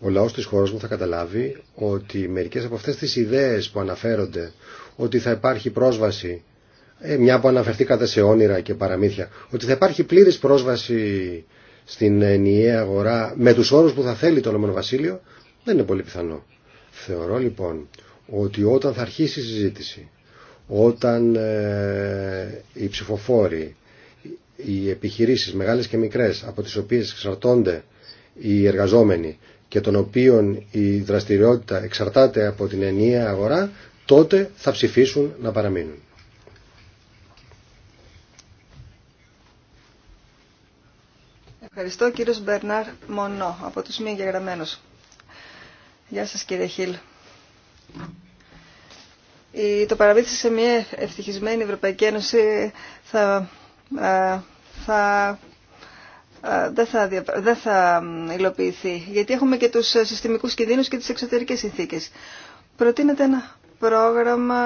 ο λαό της χώρα μου θα καταλάβει ότι μερικέ από αυτέ τι ιδέε που αναφέρονται ότι θα υπάρχει πρόσβαση ε, μια που αναφερθήκατε σε όνειρα και παραμύθια, ότι θα υπάρχει πλήρης πρόσβαση στην ενιαία αγορά με τους όρους που θα θέλει το Ηνωμένο δεν είναι πολύ πιθανό. Θεωρώ λοιπόν ότι όταν θα αρχίσει η συζήτηση, όταν ε, οι ψηφοφόροι, οι επιχειρήσεις μεγάλες και μικρές από τις οποίες εξαρτώνται οι εργαζόμενοι και των οποίων η δραστηριότητα εξαρτάται από την ενιαία αγορά, τότε θα ψηφίσουν να παραμείνουν. Ευχαριστώ κύριος Μπερνάρ Μονό από τους μη εγγεγραμμένους. Γεια σας κύριε Χίλ. το παραβίθι σε μια ευτυχισμένη Ευρωπαϊκή Ένωση θα, θα, δεν, θα, δεν θα υλοποιηθεί. Γιατί έχουμε και τους συστημικούς κινδύνους και τις εξωτερικές συνθήκες. Προτείνεται να πρόγραμμα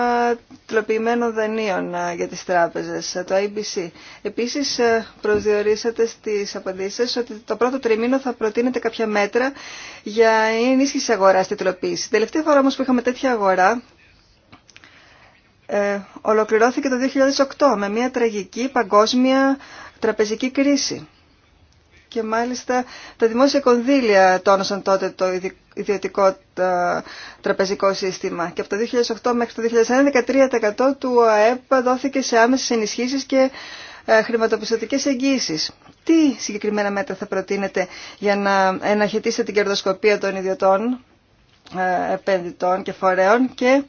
τλοποιημένων δανείων για τις τράπεζες, το IBC. Επίσης προσδιορίσατε στις απαντήσεις ότι το πρώτο τριμήνο θα προτείνετε κάποια μέτρα για ενίσχυση αγορά στη τλοποίηση. Τελευταία φορά όμως που είχαμε τέτοια αγορά, ε, ολοκληρώθηκε το 2008 με μια τραγική παγκόσμια τραπεζική κρίση και μάλιστα τα δημόσια κονδύλια τόνωσαν τότε το ιδιωτικό ε, τραπεζικό σύστημα. Και από το 2008 μέχρι το 2011, 13% του ΑΕΠ δόθηκε σε άμεσες ενισχύσεις και ε, χρηματοπιστωτικές εγγύησεις. Τι συγκεκριμένα μέτρα θα προτείνετε για να εναχαιτήσετε την κερδοσκοπία των ιδιωτών ε, επενδυτών και φορέων και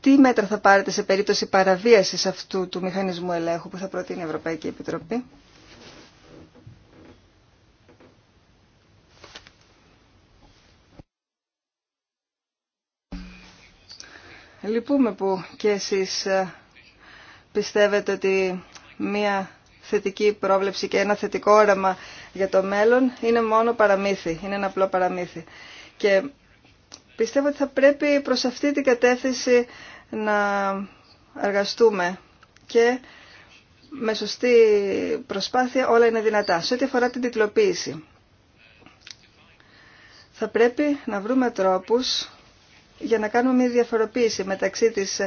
τι μέτρα θα πάρετε σε περίπτωση παραβίασης αυτού του μηχανισμού ελέγχου που θα προτείνει η Ευρωπαϊκή Επιτροπή. Λυπούμε που και εσείς ε, πιστεύετε ότι μία θετική πρόβλεψη και ένα θετικό όραμα για το μέλλον είναι μόνο παραμύθι, είναι ένα απλό παραμύθι. Και πιστεύω ότι θα πρέπει προς αυτή την κατεύθυνση να εργαστούμε και με σωστή προσπάθεια όλα είναι δυνατά. Σε ό,τι αφορά την τιτλοποίηση, θα πρέπει να βρούμε τρόπους για να κάνουμε μια διαφοροποίηση μεταξύ της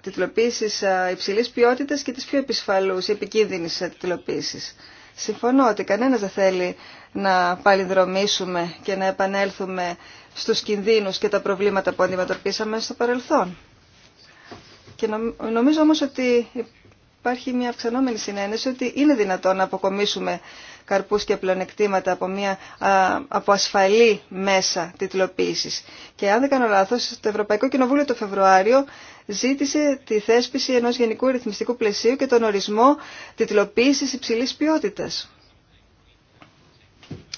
τιτλοποίησης υψηλής ποιότητας και της πιο επισφαλούς ή επικίνδυνης τιτλοποίησης. Συμφωνώ ότι κανένας δεν θέλει να παλινδρομήσουμε και να επανέλθουμε στους κινδύνους και τα προβλήματα που αντιμετωπίσαμε στο παρελθόν. Και νομίζω όμως ότι υπάρχει μια αυξανόμενη συνένεση ότι είναι δυνατόν να αποκομίσουμε καρπούς και πλονεκτήματα από, μια, από ασφαλή μέσα τιτλοποίησης. Και αν δεν κάνω λάθος, το Ευρωπαϊκό Κοινοβούλιο το Φεβρουάριο ζήτησε τη θέσπιση ενός γενικού ρυθμιστικού πλαισίου και τον ορισμό τιτλοποίησης υψηλής ποιότητας.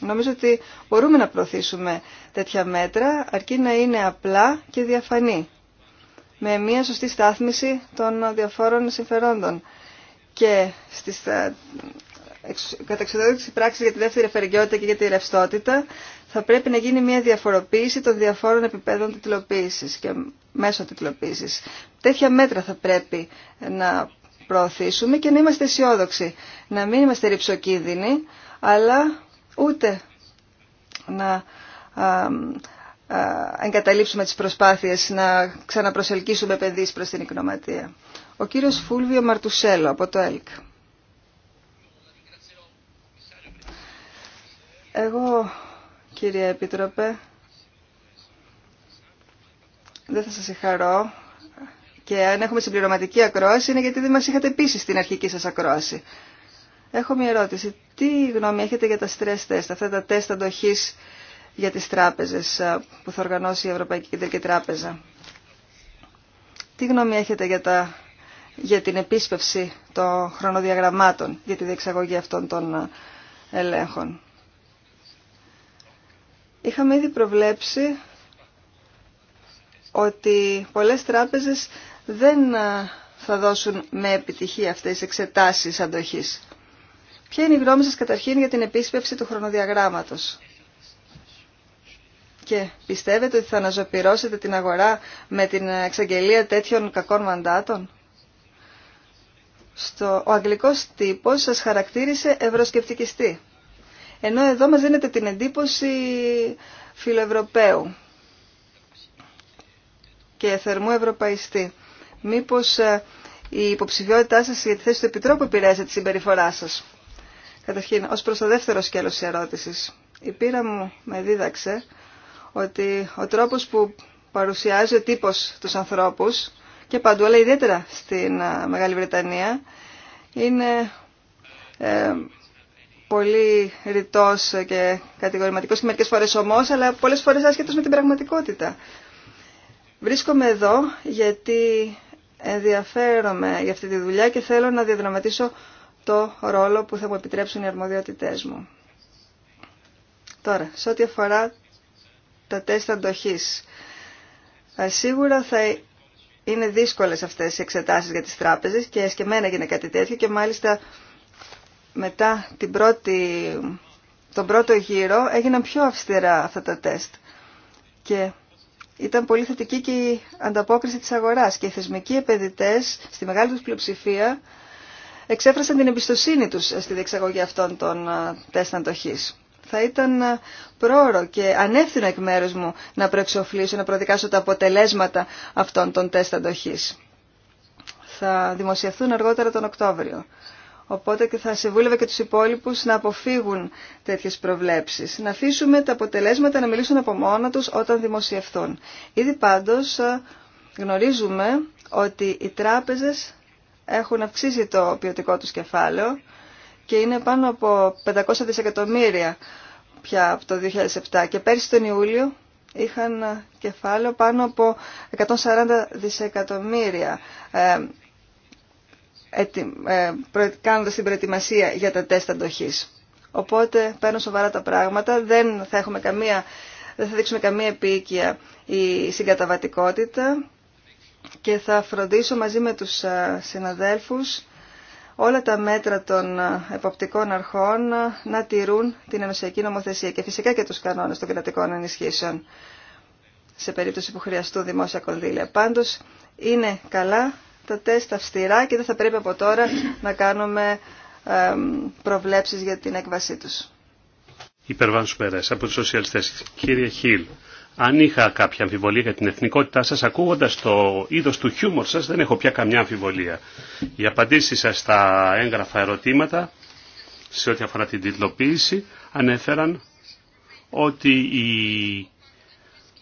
Νομίζω ότι μπορούμε να προωθήσουμε τέτοια μέτρα, αρκεί να είναι απλά και διαφανή, με μια σωστή στάθμιση των διαφόρων συμφερόντων. Και στις καταξιδότηση πράξη για τη δεύτερη αφαιρεγγιότητα και για τη ρευστότητα, θα πρέπει να γίνει μια διαφοροποίηση των διαφόρων επιπέδων τιτλοποίησης και μέσω τιτλοποίησης. Τέτοια μέτρα θα πρέπει να προωθήσουμε και να είμαστε αισιόδοξοι. Να μην είμαστε ρηψοκίνδυνοι, αλλά ούτε να εγκαταλείψουμε τις προσπάθειες να ξαναπροσελκύσουμε παιδείς προς την οικονοματία. Ο κύριος Φούλβιο Μαρτουσέλο από το ΕΛΚ. Εγώ, κύριε Επίτροπε, δεν θα σας συγχαρώ και αν έχουμε συμπληρωματική ακρόαση είναι γιατί δεν μας είχατε πείσει στην αρχική σας ακρόαση. Έχω μια ερώτηση. Τι γνώμη έχετε για τα stress test, αυτά τα τεστ αντοχής για τις τράπεζες που θα οργανώσει η Ευρωπαϊκή Κεντρική Τράπεζα. Τι γνώμη έχετε για, τα, για την επίσπευση των χρονοδιαγραμμάτων για τη διεξαγωγή αυτών των ελέγχων. Είχαμε ήδη προβλέψει ότι πολλές τράπεζες δεν θα δώσουν με επιτυχία αυτές τις εξετάσεις αντοχής. Ποια είναι η γνώμη σας καταρχήν για την επίσπευση του χρονοδιαγράμματος. Και πιστεύετε ότι θα αναζωπυρώσετε την αγορά με την εξαγγελία τέτοιων κακών μαντάτων. Στο, ο αγγλικός τύπος σας χαρακτήρισε ευρωσκεπτικιστή. Ενώ εδώ μας δίνεται την εντύπωση φιλοευρωπαίου και θερμού ευρωπαϊστή. Μήπως ε, η υποψηφιότητά σας για τη θέση του Επιτρόπου επηρέασε τη συμπεριφορά σας. Καταρχήν, ως προς το δεύτερο σκέλος της ερώτησης. Η πείρα μου με δίδαξε ότι ο τρόπος που παρουσιάζει ο τύπος τους ανθρώπους και παντού, αλλά ιδιαίτερα στην ε, Μεγάλη Βρετανία, είναι ε, πολύ ρητός και κατηγορηματικός και μερικές φορές ομός, αλλά πολλές φορές άσχετος με την πραγματικότητα. Βρίσκομαι εδώ γιατί ενδιαφέρομαι για αυτή τη δουλειά και θέλω να διαδραματίσω το ρόλο που θα μου επιτρέψουν οι αρμοδιότητές μου. Τώρα, σε ό,τι αφορά τα τεστ αντοχής, ε, σίγουρα θα είναι δύσκολες αυτές οι εξετάσεις για τις τράπεζες και εσκεμένα γίνεται κάτι τέτοιο και μάλιστα μετά την πρώτη, τον πρώτο γύρο έγιναν πιο αυστηρά αυτά τα τεστ. Και ήταν πολύ θετική και η ανταπόκριση της αγοράς και οι θεσμικοί επενδυτές στη μεγάλη τους πλειοψηφία εξέφρασαν την εμπιστοσύνη τους στη διεξαγωγή αυτών των τεστ αντοχής. Θα ήταν πρόωρο και ανεύθυνο εκ μέρους μου να προεξοφλήσω, να προδικάσω τα αποτελέσματα αυτών των τεστ αντοχής. Θα δημοσιευθούν αργότερα τον Οκτώβριο. Οπότε και θα συμβούλευα και τους υπόλοιπους να αποφύγουν τέτοιες προβλέψεις. Να αφήσουμε τα αποτελέσματα να μιλήσουν από μόνα τους όταν δημοσιευθούν. Ήδη πάντως ε, γνωρίζουμε ότι οι τράπεζες έχουν αυξήσει το ποιοτικό τους κεφάλαιο και είναι πάνω από 500 δισεκατομμύρια πια από το 2007 και πέρσι τον Ιούλιο είχαν κεφάλαιο πάνω από 140 δισεκατομμύρια ε, ε, κάνοντας την προετοιμασία για τα τεστ αντοχής. Οπότε παίρνω σοβαρά τα πράγματα, δεν θα, έχουμε καμία, δεν θα δείξουμε καμία επίοικια η συγκαταβατικότητα και θα φροντίσω μαζί με τους ε, συναδέλφους όλα τα μέτρα των ε, εποπτικών αρχών να τηρούν την ενωσιακή νομοθεσία και φυσικά και τους κανόνες των κρατικών ενισχύσεων σε περίπτωση που χρειαστούν δημόσια κονδύλια. Πάντως είναι καλά τα τεστ αυστηρά και δεν θα πρέπει από τώρα να κάνουμε προβλέψεις για την έκβασή τους. Υπερβάν από τους σοσιαλιστές. Κύριε Χίλ, αν είχα κάποια αμφιβολία για την εθνικότητά σας, ακούγοντας το είδος του χιούμορ σας, δεν έχω πια καμιά αμφιβολία. Οι απαντήσεις σας στα έγγραφα ερωτήματα, σε ό,τι αφορά την τίτλοποίηση, ανέφεραν ότι η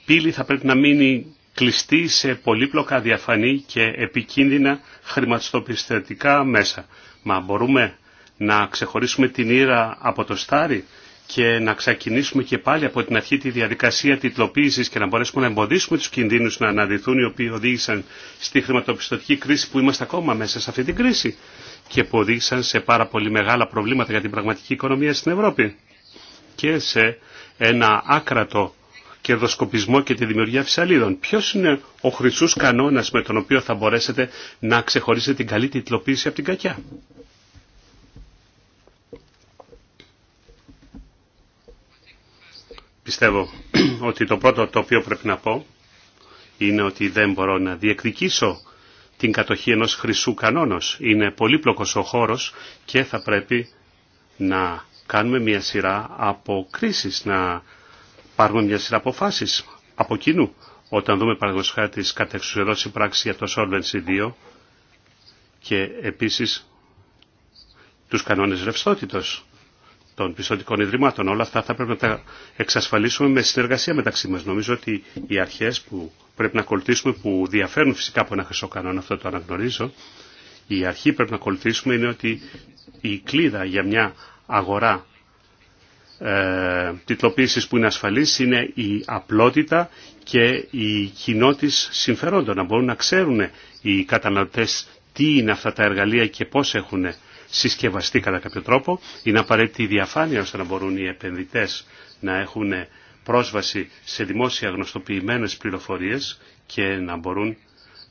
πύλη θα πρέπει να μείνει Κλειστή σε πολύπλοκα διαφανή και επικίνδυνα χρηματοπιστωτικά μέσα. Μα μπορούμε να ξεχωρίσουμε την ήρα από το στάρι και να ξεκινήσουμε και πάλι από την αρχή τη διαδικασία τιτλοποίησης και να μπορέσουμε να εμποδίσουμε τους κινδύνους να αναδυθούν οι οποίοι οδήγησαν στη χρηματοπιστωτική κρίση που είμαστε ακόμα μέσα σε αυτή την κρίση και που οδήγησαν σε πάρα πολύ μεγάλα προβλήματα για την πραγματική οικονομία στην Ευρώπη και σε ένα άκρατο κερδοσκοπισμό και τη δημιουργία φυσαλίδων. Ποιο είναι ο χρυσό κανόνα με τον οποίο θα μπορέσετε να ξεχωρίσετε την καλή τιτλοποίηση από την κακιά. Πιστεύω ότι το πρώτο το οποίο πρέπει να πω είναι ότι δεν μπορώ να διεκδικήσω την κατοχή ενός χρυσού κανόνος. Είναι πολύπλοκος ο χώρος και θα πρέπει να κάνουμε μια σειρά από κρίσεις, να Υπάρχουν μια σειρά αποφάσει από κοινού. Όταν δούμε παραδείγματο χάρη της κατεξουσιώσει πράξη για το Solvency 2 και επίση του κανόνε ρευστότητος των πιστοτικών ιδρυμάτων. Όλα αυτά θα πρέπει να τα εξασφαλίσουμε με συνεργασία μεταξύ μα. Νομίζω ότι οι αρχέ που πρέπει να ακολουθήσουμε, που διαφέρουν φυσικά από ένα χρυσό κανόνα, αυτό το αναγνωρίζω, η αρχή πρέπει να ακολουθήσουμε είναι ότι η κλίδα για μια αγορά ε, τιτλοποίησης που είναι ασφαλής είναι η απλότητα και η κοινότης συμφερόντων. Να μπορούν να ξέρουν οι καταναλωτές τι είναι αυτά τα εργαλεία και πώς έχουν συσκευαστεί κατά κάποιο τρόπο. Είναι απαραίτητη η διαφάνεια ώστε να μπορούν οι επενδυτές να έχουν πρόσβαση σε δημόσια γνωστοποιημένες πληροφορίες και να μπορούν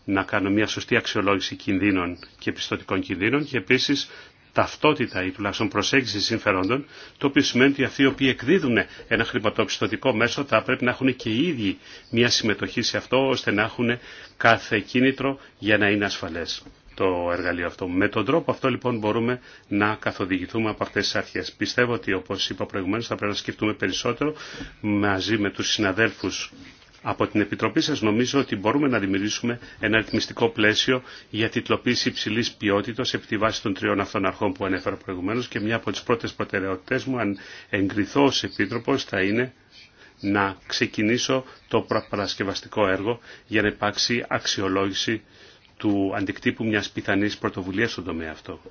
να κάνουν μια σωστή αξιολόγηση κινδύνων και πιστοτικών κινδύνων και επίσης ταυτότητα ή τουλάχιστον προσέγγιση συμφερόντων, το οποίο σημαίνει ότι αυτοί οι οποίοι εκδίδουν ένα χρηματοπιστωτικό μέσο θα πρέπει να έχουν και οι ίδιοι μια συμμετοχή σε αυτό, ώστε να έχουν κάθε κίνητρο για να είναι ασφαλέ το εργαλείο αυτό. Με τον τρόπο αυτό λοιπόν μπορούμε να καθοδηγηθούμε από αυτέ τι αρχέ. Πιστεύω ότι όπω είπα προηγουμένω θα πρέπει να σκεφτούμε περισσότερο μαζί με του συναδέλφου από την Επιτροπή σας νομίζω ότι μπορούμε να δημιουργήσουμε ένα ρυθμιστικό πλαίσιο για τιτλοποίηση υψηλή ποιότητα επί τη βάση των τριών αυτών αρχών που ανέφερα προηγουμένως και μια από τις πρώτες προτεραιότητες μου, αν εγκριθώ ως Επίτροπος, θα είναι να ξεκινήσω το παρασκευαστικό έργο για να υπάρξει αξιολόγηση του αντικτύπου μιας πιθανής πρωτοβουλίας στον τομέα αυτό.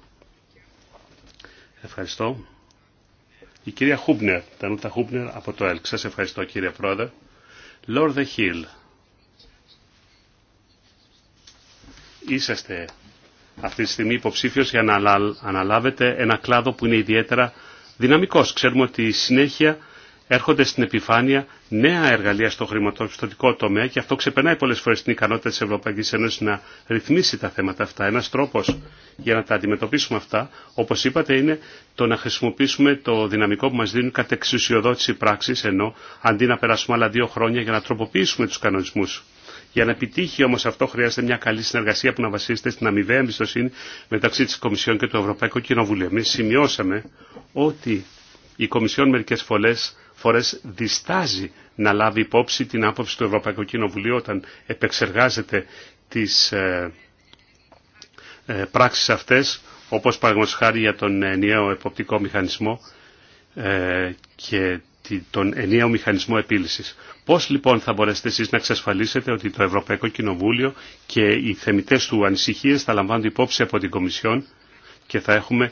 Ευχαριστώ. Η κυρία Χούμπνερ, Τανούτα Χούμπνερ από το ΕΛΚ. Σας ευχαριστώ κύριε Πρόεδρε. Λόρδε Χίλ. Είσαστε αυτή τη στιγμή υποψήφιος για να αναλάβετε ένα κλάδο που είναι ιδιαίτερα δυναμικός. Ξέρουμε ότι συνέχεια έρχονται στην επιφάνεια νέα εργαλεία στο χρηματοπιστωτικό τομέα και αυτό ξεπερνάει πολλέ φορέ την ικανότητα τη Ευρωπαϊκή Ένωση να ρυθμίσει τα θέματα αυτά. Ένα τρόπο για να τα αντιμετωπίσουμε αυτά, όπω είπατε, είναι το να χρησιμοποιήσουμε το δυναμικό που μα δίνουν κατ' εξουσιοδότηση πράξη, ενώ αντί να περάσουμε άλλα δύο χρόνια για να τροποποιήσουμε του κανονισμού. Για να επιτύχει όμω αυτό χρειάζεται μια καλή συνεργασία που να βασίζεται στην αμοιβαία εμπιστοσύνη μεταξύ τη Κομισιόν και του Ευρωπαϊκού Κοινοβουλίου. Εμεί σημειώσαμε ότι η Κομισιόν μερικέ φορέ φορές διστάζει να λάβει υπόψη την άποψη του Ευρωπαϊκού Κοινοβουλίου όταν επεξεργάζεται τις ε, ε, πράξεις αυτές, όπως παραγωγός χάρη για τον ενιαίο εποπτικό μηχανισμό ε, και τον ενιαίο μηχανισμό επίλυσης. Πώς λοιπόν θα μπορέσετε εσείς να εξασφαλίσετε ότι το Ευρωπαϊκό Κοινοβούλιο και οι θεμητές του ανησυχίες θα λαμβάνουν υπόψη από την Κομισιόν και θα έχουμε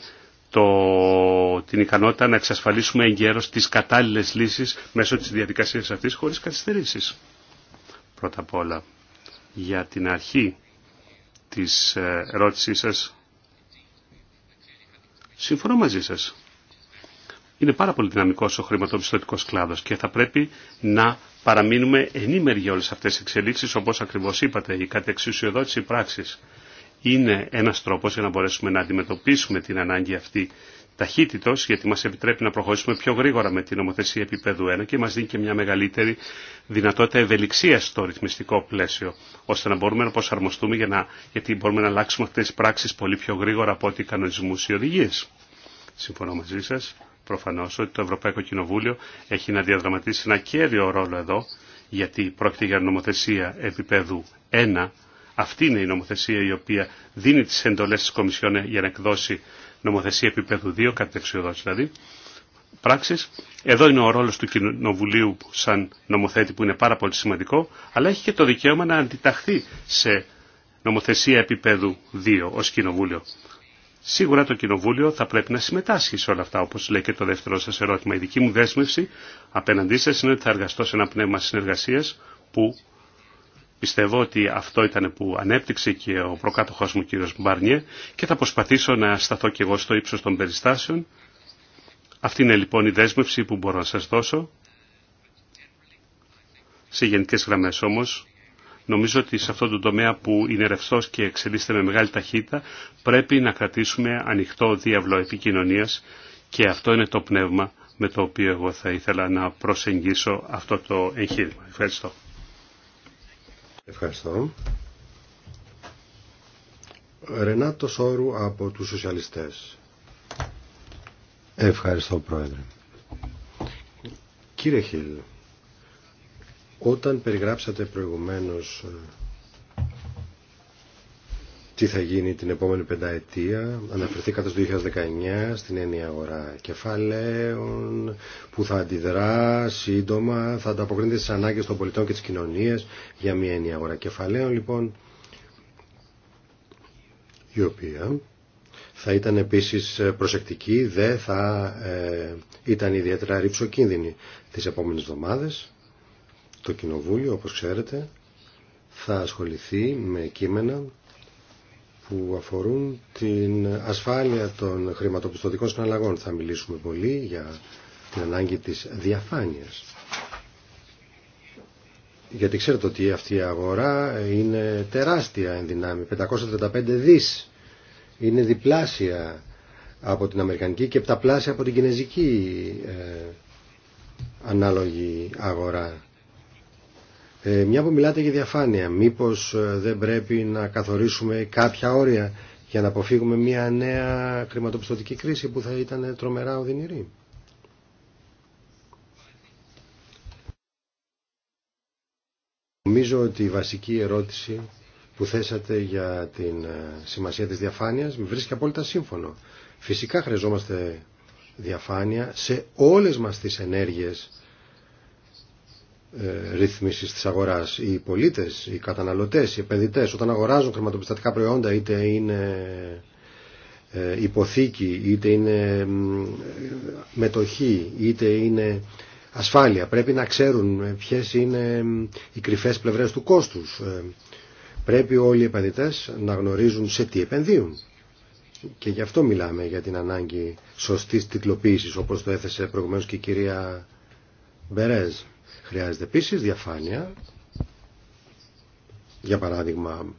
το, την ικανότητα να εξασφαλίσουμε εγκαίρως τις κατάλληλες λύσεις μέσω της διαδικασίας αυτής χωρίς καθυστερήσεις. Πρώτα απ' όλα, για την αρχή της ε, ερώτησής σας, συμφωνώ μαζί σας. Είναι πάρα πολύ δυναμικός ο χρηματοπιστωτικός κλάδος και θα πρέπει να παραμείνουμε ενήμεροι για όλες αυτές τις εξελίξεις, όπως ακριβώς είπατε, η κατεξουσιοδότηση πράξης είναι ένας τρόπος για να μπορέσουμε να αντιμετωπίσουμε την ανάγκη αυτή ταχύτητος, γιατί μας επιτρέπει να προχωρήσουμε πιο γρήγορα με την νομοθεσία επίπεδου 1 και μας δίνει και μια μεγαλύτερη δυνατότητα ευελιξίας στο ρυθμιστικό πλαίσιο, ώστε να μπορούμε να προσαρμοστούμε για να, γιατί μπορούμε να αλλάξουμε αυτές τις πράξεις πολύ πιο γρήγορα από ό,τι κανονισμούς ή οδηγίες. Συμφωνώ μαζί σας, προφανώς, ότι το Ευρωπαϊκό Κοινοβούλιο έχει να διαδραματίσει ένα κέριο ρόλο εδώ, γιατί πρόκειται για νομοθεσία επίπεδου 1, αυτή είναι η νομοθεσία η οποία δίνει τις εντολές της Κομισιόν για να εκδώσει νομοθεσία επίπεδου 2, κατεξιοδότηση δηλαδή, πράξεις. Εδώ είναι ο ρόλος του Κοινοβουλίου σαν νομοθέτη που είναι πάρα πολύ σημαντικό, αλλά έχει και το δικαίωμα να αντιταχθεί σε νομοθεσία επίπεδου 2 ως Κοινοβούλιο. Σίγουρα το Κοινοβούλιο θα πρέπει να συμμετάσχει σε όλα αυτά, όπως λέει και το δεύτερο σας ερώτημα. Η δική μου δέσμευση απέναντί σας είναι ότι θα εργαστώ σε ένα πνεύμα συνεργασία που Πιστεύω ότι αυτό ήταν που ανέπτυξε και ο προκάτοχός μου κύριος Μπαρνιέ και θα προσπαθήσω να σταθώ και εγώ στο ύψος των περιστάσεων. Αυτή είναι λοιπόν η δέσμευση που μπορώ να σας δώσω. Σε γενικές γραμμές όμως, νομίζω ότι σε αυτό το τομέα που είναι ρευστός και εξελίσσεται με μεγάλη ταχύτητα, πρέπει να κρατήσουμε ανοιχτό διάβλο επικοινωνίας και αυτό είναι το πνεύμα με το οποίο εγώ θα ήθελα να προσεγγίσω αυτό το εγχείρημα. Ευχαριστώ. Ευχαριστώ. Ρενάτο Σόρου από του Σοσιαλιστέ. Ευχαριστώ Πρόεδρε. Κύριε Χίλ, όταν περιγράψατε προηγουμένω. Ε, τι θα γίνει την επόμενη πενταετία. Αναφερθήκατε στο 2019 στην έννοια αγορά κεφαλαίων που θα αντιδρά σύντομα, θα ανταποκρίνεται στις ανάγκες των πολιτών και της κοινωνίας για μια έννοια αγορά κεφαλαίων λοιπόν η οποία θα ήταν επίσης προσεκτική, δεν θα ε, ήταν ιδιαίτερα κίνδυνη. τις επόμενες εβδομάδες. Το Κοινοβούλιο, όπως ξέρετε, θα ασχοληθεί με κείμενα που αφορούν την ασφάλεια των χρηματοπιστωτικών συναλλαγών. Θα μιλήσουμε πολύ για την ανάγκη της διαφάνειας. Γιατί ξέρετε ότι αυτή η αγορά είναι τεράστια εν δυνάμει, 535 δις. Είναι διπλάσια από την Αμερικανική και επταπλάσια από την Κινέζικη ε, ανάλογη αγορά. Ε, μια που μιλάτε για διαφάνεια, μήπως ε, δεν πρέπει να καθορίσουμε κάποια όρια για να αποφύγουμε μια νέα χρηματοπιστωτική κρίση που θα ήταν τρομερά οδυνηρή. Νομίζω ότι η βασική ερώτηση που θέσατε για την ε, σημασία της διαφάνειας με βρίσκει απόλυτα σύμφωνο. Φυσικά χρειαζόμαστε διαφάνεια σε όλες μας τις ενέργειες ε, ρύθμιση της αγοράς. Οι πολίτες, οι καταναλωτές, οι επενδυτές όταν αγοράζουν χρηματοπιστωτικά προϊόντα είτε είναι ε, υποθήκη, είτε είναι μετοχή, είτε είναι ασφάλεια. Πρέπει να ξέρουν ε, ποιες είναι οι κρυφές πλευρές του κόστους. Πρέπει όλοι οι επενδυτές να γνωρίζουν σε τι επενδύουν. Και γι' αυτό μιλάμε για την ανάγκη σωστής τιτλοποίησης, όπως το έθεσε προηγουμένως και η κυρία Μπερέζ. Χρειάζεται επίσης διαφάνεια. Για παράδειγμα,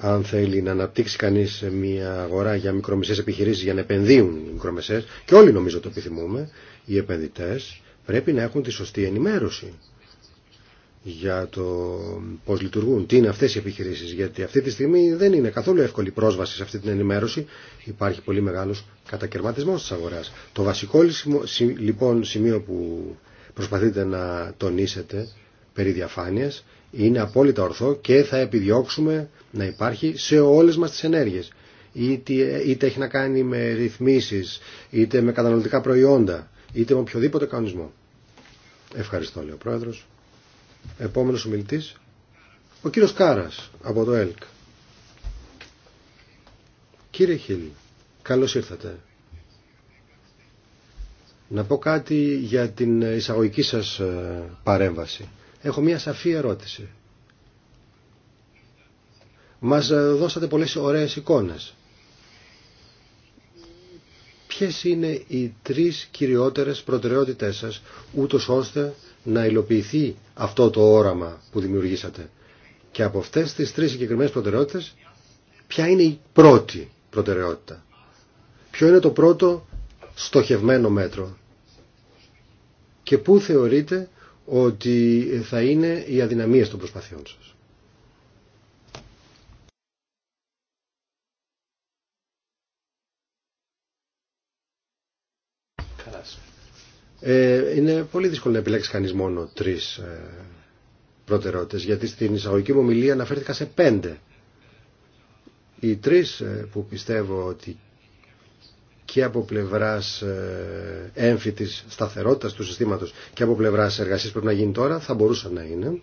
αν θέλει να αναπτύξει κανείς μια αγορά για μικρομεσαίες επιχειρήσεις για να επενδύουν οι μικρομεσαίες, και όλοι νομίζω το επιθυμούμε, οι επενδυτές πρέπει να έχουν τη σωστή ενημέρωση για το πώς λειτουργούν, τι είναι αυτές οι επιχειρήσεις, γιατί αυτή τη στιγμή δεν είναι καθόλου εύκολη πρόσβαση σε αυτή την ενημέρωση, υπάρχει πολύ μεγάλος κατακαιρματισμός της αγοράς. Το βασικό λοιπόν σημείο που προσπαθείτε να τονίσετε περί διαφάνειας είναι απόλυτα ορθό και θα επιδιώξουμε να υπάρχει σε όλες μας τις ενέργειες. Είτε, είτε έχει να κάνει με ρυθμίσεις, είτε με καταναλωτικά προϊόντα, είτε με οποιοδήποτε κανονισμό. Ευχαριστώ, λέει ο Πρόεδρος. Επόμενος ομιλητής, ο κύριος Κάρας από το ΕΛΚ. Κύριε Χίλ, καλώς ήρθατε. Να πω κάτι για την εισαγωγική σας ε, παρέμβαση. Έχω μια σαφή ερώτηση. Μας ε, δώσατε πολλές ωραίες εικόνες. Ποιες είναι οι τρεις κυριότερες προτεραιότητές σας, ούτως ώστε να υλοποιηθεί αυτό το όραμα που δημιουργήσατε. Και από αυτές τις τρεις συγκεκριμένες προτεραιότητες, ποια είναι η πρώτη προτεραιότητα. Ποιο είναι το πρώτο στοχευμένο μέτρο και πού θεωρείτε ότι θα είναι οι αδυναμίες των προσπαθειών σας. Ε, είναι πολύ δύσκολο να επιλέξει κανεί μόνο τρει ε, γιατί στην εισαγωγική μου ομιλία αναφέρθηκα σε πέντε. Οι τρεις ε, που πιστεύω ότι και από πλευρά ε, έμφυτη σταθερότητα του συστήματο και από πλευρά εργασία πρέπει να γίνει τώρα, θα μπορούσαν να είναι.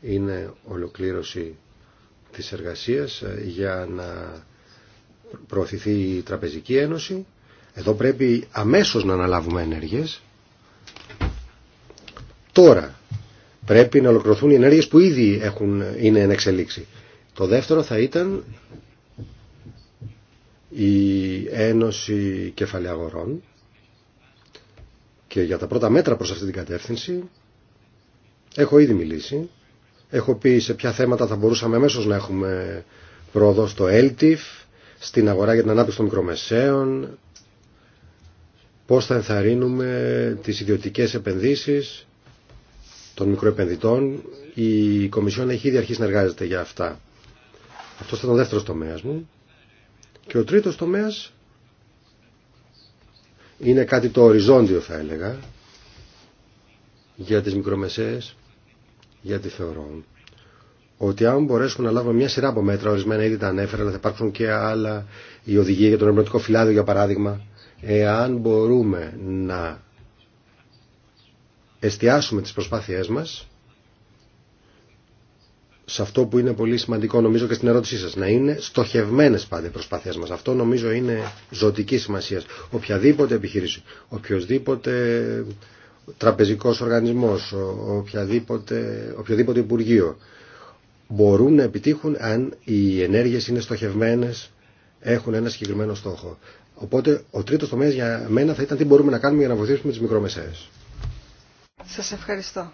Είναι ολοκλήρωση τη εργασία ε, για να προωθηθεί η Τραπεζική Ένωση. Εδώ πρέπει αμέσως να αναλάβουμε ενέργειες. Τώρα πρέπει να ολοκληρωθούν οι ενέργειες που ήδη έχουν, είναι εν εξελίξη. Το δεύτερο θα ήταν η Ένωση Κεφαλαιαγορών και για τα πρώτα μέτρα προς αυτή την κατεύθυνση έχω ήδη μιλήσει. Έχω πει σε ποια θέματα θα μπορούσαμε αμέσως να έχουμε πρόοδο στο ELTIF, στην αγορά για την ανάπτυξη των μικρομεσαίων, πώς θα ενθαρρύνουμε τις ιδιωτικές επενδύσεις των μικροεπενδυτών. Η Κομισιόν έχει ήδη αρχίσει να εργάζεται για αυτά. Αυτό ήταν ο δεύτερος τομέας μου. Και ο τρίτος τομέας είναι κάτι το οριζόντιο θα έλεγα για τις μικρομεσαίες γιατί θεωρώ ότι αν μπορέσουμε να λάβουμε μια σειρά από μέτρα, ορισμένα ήδη τα ανέφερα, αλλά θα υπάρξουν και άλλα, η οδηγία για τον εμπνευματικό φυλάδιο για παράδειγμα, εάν μπορούμε να εστιάσουμε τις προσπάθειές μας σε αυτό που είναι πολύ σημαντικό νομίζω και στην ερώτησή σας να είναι στοχευμένες πάντα οι προσπάθειές μας αυτό νομίζω είναι ζωτική σημασία οποιαδήποτε επιχείρηση οποιοδήποτε τραπεζικός οργανισμός οποιαδήποτε, οποιοδήποτε υπουργείο μπορούν να επιτύχουν αν οι ενέργειες είναι στοχευμένες έχουν ένα συγκεκριμένο στόχο οπότε ο τρίτος τομέας για μένα θα ήταν τι μπορούμε να κάνουμε για να βοηθήσουμε τις μικρομεσαίες Σας ευχαριστώ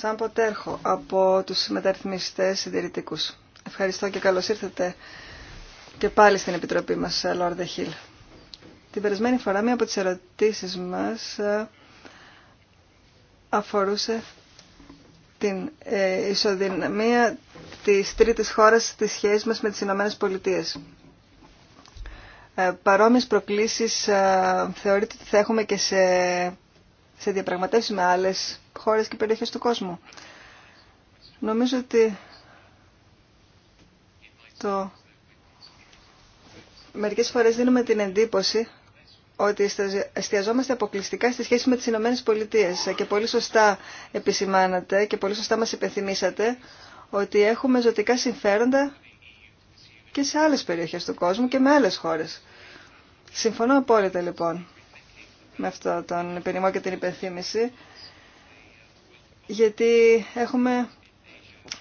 Σαν ποτέρχο από τους μεταρρυθμιστές συντηρητικούς. Ευχαριστώ και καλώς ήρθατε και πάλι στην Επιτροπή μας, Λόρδε Χίλ. Την περασμένη φορά μία από τις ερωτήσεις μας ε, αφορούσε την ε, ισοδυναμία της τρίτης χώρας της σχέση μας με τις Ηνωμένες Πολιτείες. Ε, παρόμοιες προκλήσεις θεωρείται ότι θα έχουμε και σε σε διαπραγματεύσει με άλλε χώρες και περιοχές του κόσμου. Νομίζω ότι το... μερικές φορές δίνουμε την εντύπωση ότι εστιαζόμαστε αποκλειστικά στη σχέση με τις Ηνωμένε Πολιτείε. και πολύ σωστά επισημάνατε και πολύ σωστά μα υπενθυμίσατε ότι έχουμε ζωτικά συμφέροντα και σε άλλες περιοχές του κόσμου και με άλλες χώρες. Συμφωνώ απόλυτα λοιπόν με αυτό τον επενημό και την υπενθύμηση, γιατί έχουμε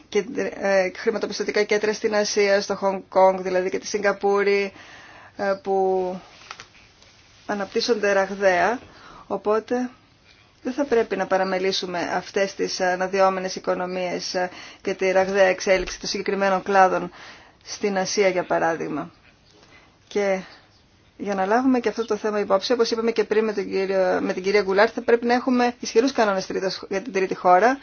και ε, χρηματοπιστωτικά κέντρα στην Ασία, στο Χονγκ Κόνγκ, δηλαδή και τη Σιγκαπούρη, ε, που αναπτύσσονται ραγδαία, οπότε δεν θα πρέπει να παραμελήσουμε αυτές τις αναδυόμενες οικονομίες ε, και τη ραγδαία εξέλιξη των συγκεκριμένων κλάδων στην Ασία, για παράδειγμα. Και για να λάβουμε και αυτό το θέμα υπόψη, όπω είπαμε και πριν με, την κυρία Γκουλάρ, θα πρέπει να έχουμε ισχυρού κανόνες για την τρίτη χώρα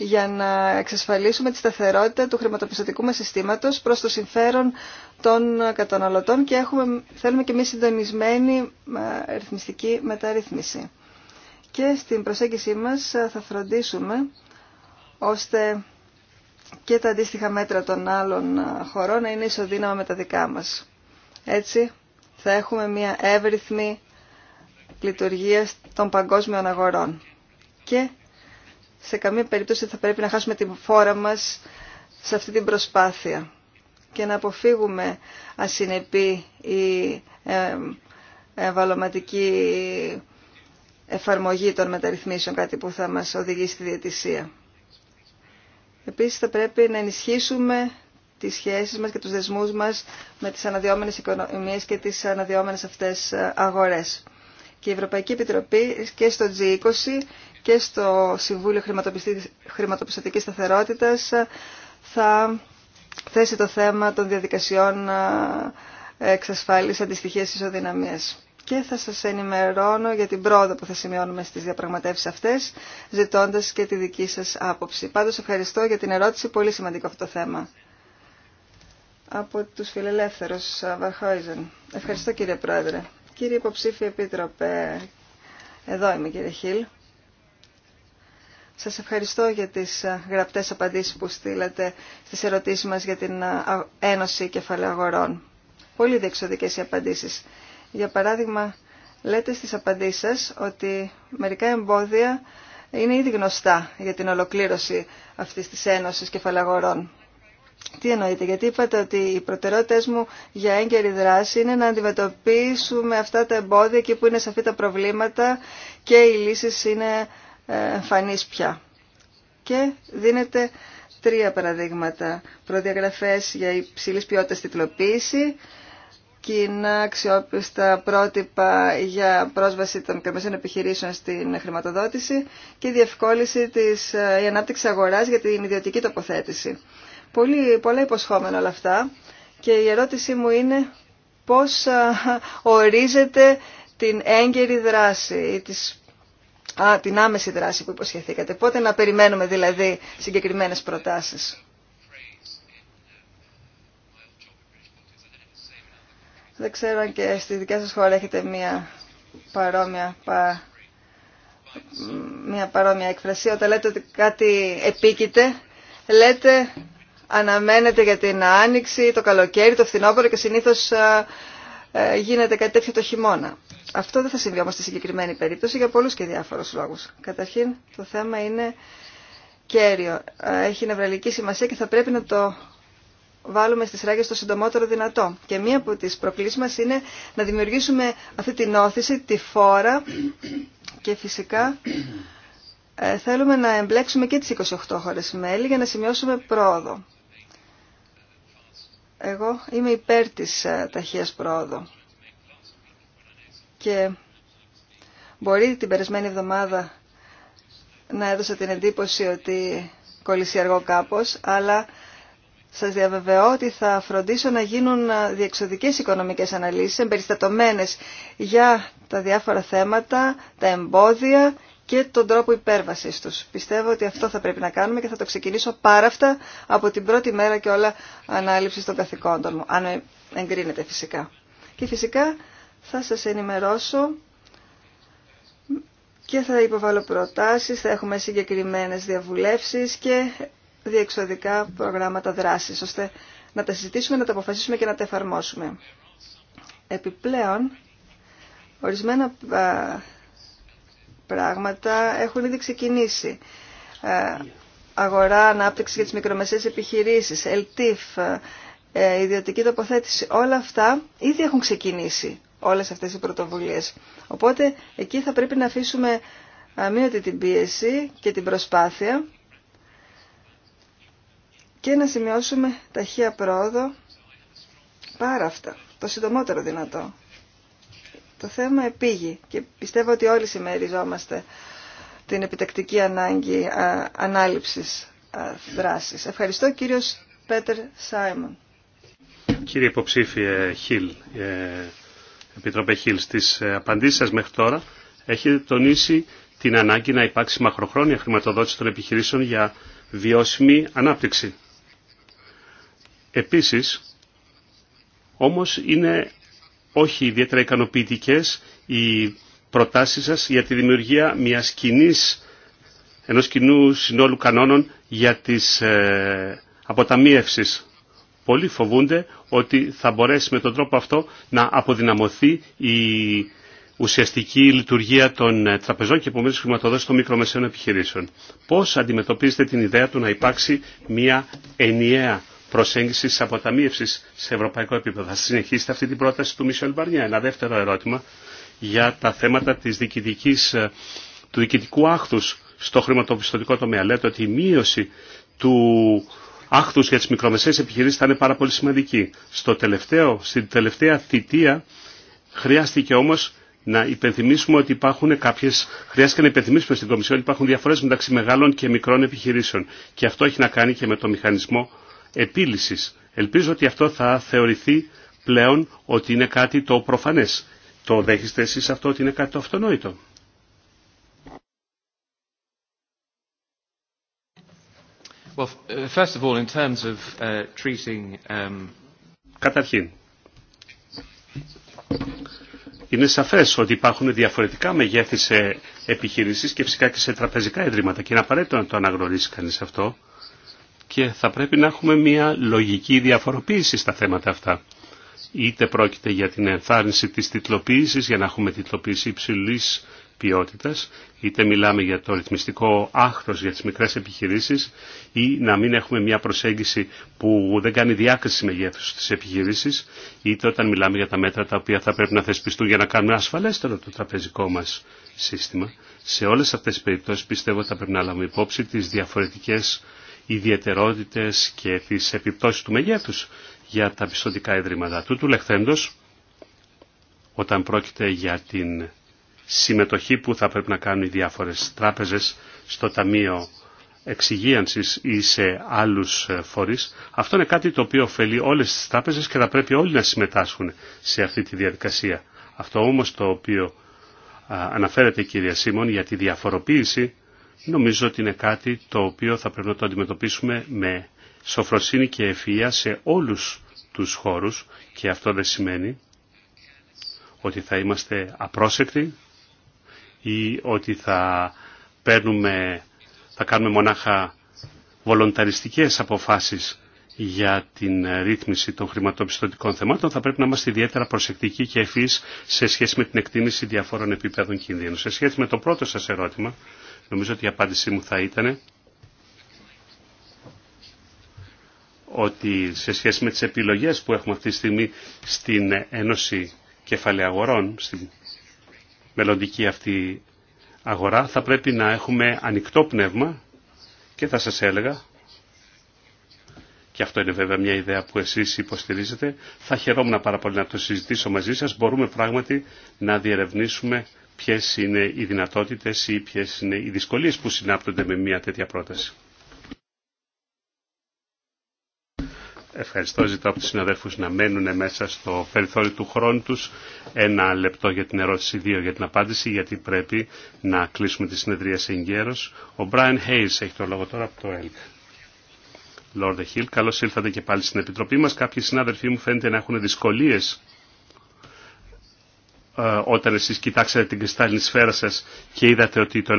για να εξασφαλίσουμε τη σταθερότητα του χρηματοπιστωτικού μας συστήματος προς το συμφέρον των καταναλωτών και έχουμε, θέλουμε και μια συντονισμένη ε, ρυθμιστική μεταρρύθμιση. Και στην προσέγγιση μας ε, θα φροντίσουμε ώστε και τα αντίστοιχα μέτρα των άλλων ε, χωρών να είναι ισοδύναμα με τα δικά μας. Έτσι θα έχουμε μια εύρυθμη λειτουργία των παγκόσμιων αγορών. Και σε καμία περίπτωση θα πρέπει να χάσουμε τη φόρα μας σε αυτή την προσπάθεια και να αποφύγουμε ασυνεπή ή ε, ευαλωματική εφαρμογή των μεταρρυθμίσεων, κάτι που θα μας οδηγήσει στη διαιτησία. Επίσης θα πρέπει να ενισχύσουμε τις σχέσεις μας και τους δεσμούς μας με τις αναδυόμενες οικονομίες και τις αναδυόμενες αυτές ε, αγορές. Και η Ευρωπαϊκή Επιτροπή και στο G20 και στο Συμβούλιο Χρηματοπιστωτικής Σταθερότητας ε, θα θέσει το θέμα των διαδικασιών ε, εξασφάλισης αντιστοιχείας ισοδυναμίας. Και θα σας ενημερώνω για την πρόοδο που θα σημειώνουμε στις διαπραγματεύσεις αυτές, ζητώντας και τη δική σας άποψη. Πάντως ευχαριστώ για την ερώτηση, πολύ σημαντικό αυτό το θέμα από τους φιλελεύθερους Βαρχόιζεν. Ευχαριστώ κύριε Πρόεδρε. Κύριε Υποψήφιε Επίτροπε, εδώ είμαι κύριε Χίλ. Σας ευχαριστώ για τις ε, γραπτές απαντήσεις που στείλατε στις ερωτήσεις μας για την ε, Ένωση Κεφαλαίου Αγορών. Πολύ διεξοδικές οι απαντήσεις. Για παράδειγμα, λέτε στις απαντήσεις σας ότι μερικά εμπόδια είναι ήδη γνωστά για την ολοκλήρωση αυτής της Ένωσης αγορών. Τι εννοείτε, γιατί είπατε ότι οι προτεραιότητες μου για έγκαιρη δράση είναι να αντιμετωπίσουμε αυτά τα εμπόδια εκεί που είναι σαφή τα προβλήματα και οι λύσεις είναι ε, εμφανείς πια. Και δίνετε τρία παραδείγματα. Προδιαγραφές για υψηλής ποιότητας τυπλοποίηση, κοινά αξιόπιστα πρότυπα για πρόσβαση των καμεσών επιχειρήσεων στην χρηματοδότηση και διευκόλυνση της, ε, η ανάπτυξη αγοράς για την ιδιωτική τοποθέτηση. Πολύ, πολλά υποσχόμενα όλα αυτά και η ερώτησή μου είναι πώς ορίζεται την έγκαιρη δράση ή της, α, την άμεση δράση που υποσχεθήκατε. Πότε να περιμένουμε δηλαδή συγκεκριμένες προτάσεις. Δεν ξέρω αν και στη δικιά σας χώρα έχετε μία παρόμοια, πα... μία παρόμοια εκφρασία. Όταν λέτε ότι κάτι επίκειται, λέτε αναμένεται για την άνοιξη, το καλοκαίρι, το φθινόπωρο και συνήθως ε, γίνεται κάτι τέτοιο το χειμώνα. Αυτό δεν θα συμβεί όμως στη συγκεκριμένη περίπτωση για πολλούς και διάφορους λόγους. Καταρχήν το θέμα είναι κέριο. Ε, έχει νευραλική σημασία και θα πρέπει να το βάλουμε στις ράγες το συντομότερο δυνατό. Και μία από τις προκλήσεις μας είναι να δημιουργήσουμε αυτή την όθηση, τη φόρα και φυσικά ε, θέλουμε να εμπλέξουμε και τις 28 χώρες μέλη για να σημειώσουμε πρόοδο. Εγώ είμαι υπέρ της ε, ταχείας πρόοδου. Και μπορεί την περασμένη εβδομάδα να έδωσα την εντύπωση ότι κολλήσει αργό κάπως, αλλά σας διαβεβαιώ ότι θα φροντίσω να γίνουν ε, διεξοδικές οικονομικές αναλύσεις, εμπεριστατωμένες για τα διάφορα θέματα, τα εμπόδια και τον τρόπο υπέρβασης τους. Πιστεύω ότι αυτό θα πρέπει να κάνουμε και θα το ξεκινήσω πάραυτα από την πρώτη μέρα και όλα ανάληψης των καθηκόντων μου, αν εγκρίνεται φυσικά. Και φυσικά θα σας ενημερώσω και θα υποβάλω προτάσεις, θα έχουμε συγκεκριμένες διαβουλεύσεις και διεξοδικά προγράμματα δράση. ώστε να τα συζητήσουμε, να τα αποφασίσουμε και να τα εφαρμόσουμε. Επιπλέον, ορισμένα πράγματα έχουν ήδη ξεκινήσει. Ε, αγορά, ανάπτυξη για τις μικρομεσαίες επιχειρήσεις, ΕΛΤΙΦ, ε, ε, ιδιωτική τοποθέτηση, όλα αυτά ήδη έχουν ξεκινήσει όλες αυτές οι πρωτοβουλίες. Οπότε εκεί θα πρέπει να αφήσουμε αμύωτη την πίεση και την προσπάθεια και να σημειώσουμε ταχεία πρόοδο πάρα αυτά, το συντομότερο δυνατό. Το θέμα επήγει και πιστεύω ότι όλοι συμμεριζόμαστε την επιτακτική ανάγκη α, ανάληψης δράσης. Ευχαριστώ κύριος Πέτερ Σάιμον. Κύριε υποψήφιε Χιλ, ε, Επιτροπέ Χιλ, στις ε, απαντήσεις σας μέχρι τώρα έχετε τονίσει την ανάγκη να υπάρξει μακροχρόνια χρηματοδότηση των επιχειρήσεων για βιώσιμη ανάπτυξη. Επίσης, όμως είναι όχι ιδιαίτερα ικανοποιητικέ οι προτάσεις σας για τη δημιουργία μιας κοινής, ενός κοινού συνόλου κανόνων για τις ε, αποταμίευσεις. Πολλοί φοβούνται ότι θα μπορέσει με τον τρόπο αυτό να αποδυναμωθεί η ουσιαστική λειτουργία των ε, τραπεζών και επομένως χρηματοδότηση των μικρομεσαίων επιχειρήσεων. Πώς αντιμετωπίζετε την ιδέα του να υπάρξει μια ενιαία προσέγγιση αποταμίευση σε ευρωπαϊκό επίπεδο. Θα συνεχίσετε αυτή την πρόταση του Μισελ Μπαρνιά. Ένα δεύτερο ερώτημα για τα θέματα της ε, του διοικητικού άχθους στο χρηματοπιστωτικό τομέα. Λέτε ότι η μείωση του άχθους για τις μικρομεσαίες επιχειρήσεις θα είναι πάρα πολύ σημαντική. Στο τελευταίο, στην τελευταία θητεία χρειάστηκε όμως να υπενθυμίσουμε ότι υπάρχουν κάποιες, χρειάστηκε να υπενθυμίσουμε στην Κομισιόν ότι υπάρχουν διαφορέ μεταξύ μεγάλων και μικρών επιχειρήσεων. Και αυτό έχει να κάνει και με το μηχανισμό επίλυσης. Ελπίζω ότι αυτό θα θεωρηθεί πλέον ότι είναι κάτι το προφανές. Το δέχεστε εσείς αυτό ότι είναι κάτι το αυτονόητο. Καταρχήν, είναι σαφές ότι υπάρχουν διαφορετικά μεγέθη σε επιχειρήσεις και φυσικά και σε τραπεζικά ιδρύματα και είναι απαραίτητο να το αναγνωρίσει κανείς αυτό και θα πρέπει να έχουμε μια λογική διαφοροποίηση στα θέματα αυτά. Είτε πρόκειται για την ενθάρρυνση της τιτλοποίησης, για να έχουμε τιτλοποίηση υψηλής ποιότητας, είτε μιλάμε για το ρυθμιστικό άχθος για τις μικρές επιχειρήσεις ή να μην έχουμε μια προσέγγιση που δεν κάνει διάκριση μεγέθους στις επιχειρήσεις, είτε όταν μιλάμε για τα μέτρα τα οποία θα πρέπει να θεσπιστούν για να κάνουμε ασφαλέστερο το τραπεζικό μας σύστημα. Σε όλες αυτές τις περιπτώσεις πιστεύω θα πρέπει να λάβουμε υπόψη τις διαφορετικές ιδιαιτερότητες και τις επιπτώσεις του μεγέθους για τα πιστοτικά ιδρύματα. του. λεχθέντος, όταν πρόκειται για την συμμετοχή που θα πρέπει να κάνουν οι διάφορες τράπεζες στο Ταμείο Εξυγίανσης ή σε άλλους ε, φορείς, αυτό είναι κάτι το οποίο ωφελεί όλες τις τράπεζες και θα πρέπει όλοι να συμμετάσχουν σε αυτή τη διαδικασία. Αυτό όμως το οποίο αναφέρεται η κυρία Σίμων για τη διαφοροποίηση νομίζω ότι είναι κάτι το οποίο θα πρέπει να το αντιμετωπίσουμε με σοφροσύνη και ευφυΐα σε όλους τους χώρους και αυτό δεν σημαίνει ότι θα είμαστε απρόσεκτοι ή ότι θα, παίρνουμε, θα κάνουμε μονάχα βολονταριστικές αποφάσεις για την ρύθμιση των χρηματοπιστωτικών θεμάτων θα πρέπει να είμαστε ιδιαίτερα προσεκτικοί και ευφύς σε σχέση με την εκτίμηση διαφόρων επίπεδων κινδύνου. Σε σχέση με το πρώτο σας ερώτημα, Νομίζω ότι η απάντησή μου θα ήταν ότι σε σχέση με τις επιλογές που έχουμε αυτή τη στιγμή στην Ένωση Αγορών, στην μελλοντική αυτή αγορά, θα πρέπει να έχουμε ανοιχτό πνεύμα και θα σας έλεγα, και αυτό είναι βέβαια μια ιδέα που εσείς υποστηρίζετε, θα χαιρόμουν πάρα πολύ να το συζητήσω μαζί σας, μπορούμε πράγματι να διερευνήσουμε ποιες είναι οι δυνατότητες ή ποιες είναι οι δυσκολίες που συνάπτονται με μια τέτοια πρόταση. Ευχαριστώ. Ζητώ από τους συναδέλφους να μένουν μέσα στο περιθώριο του χρόνου τους. Ένα λεπτό για την ερώτηση, δύο για την απάντηση, γιατί πρέπει να κλείσουμε τη συνεδρία σε εγκαίρος. Ο Brian Hayes έχει το λόγο τώρα από το ΕΛΚ. Λόρδε Χιλ, καλώς ήλθατε και πάλι στην Επιτροπή μας. Κάποιοι συνάδελφοί μου φαίνεται να έχουν δυσκολίες ε, όταν εσείς κοιτάξατε την κρυστάλλινη σφαίρα σας και είδατε ότι το,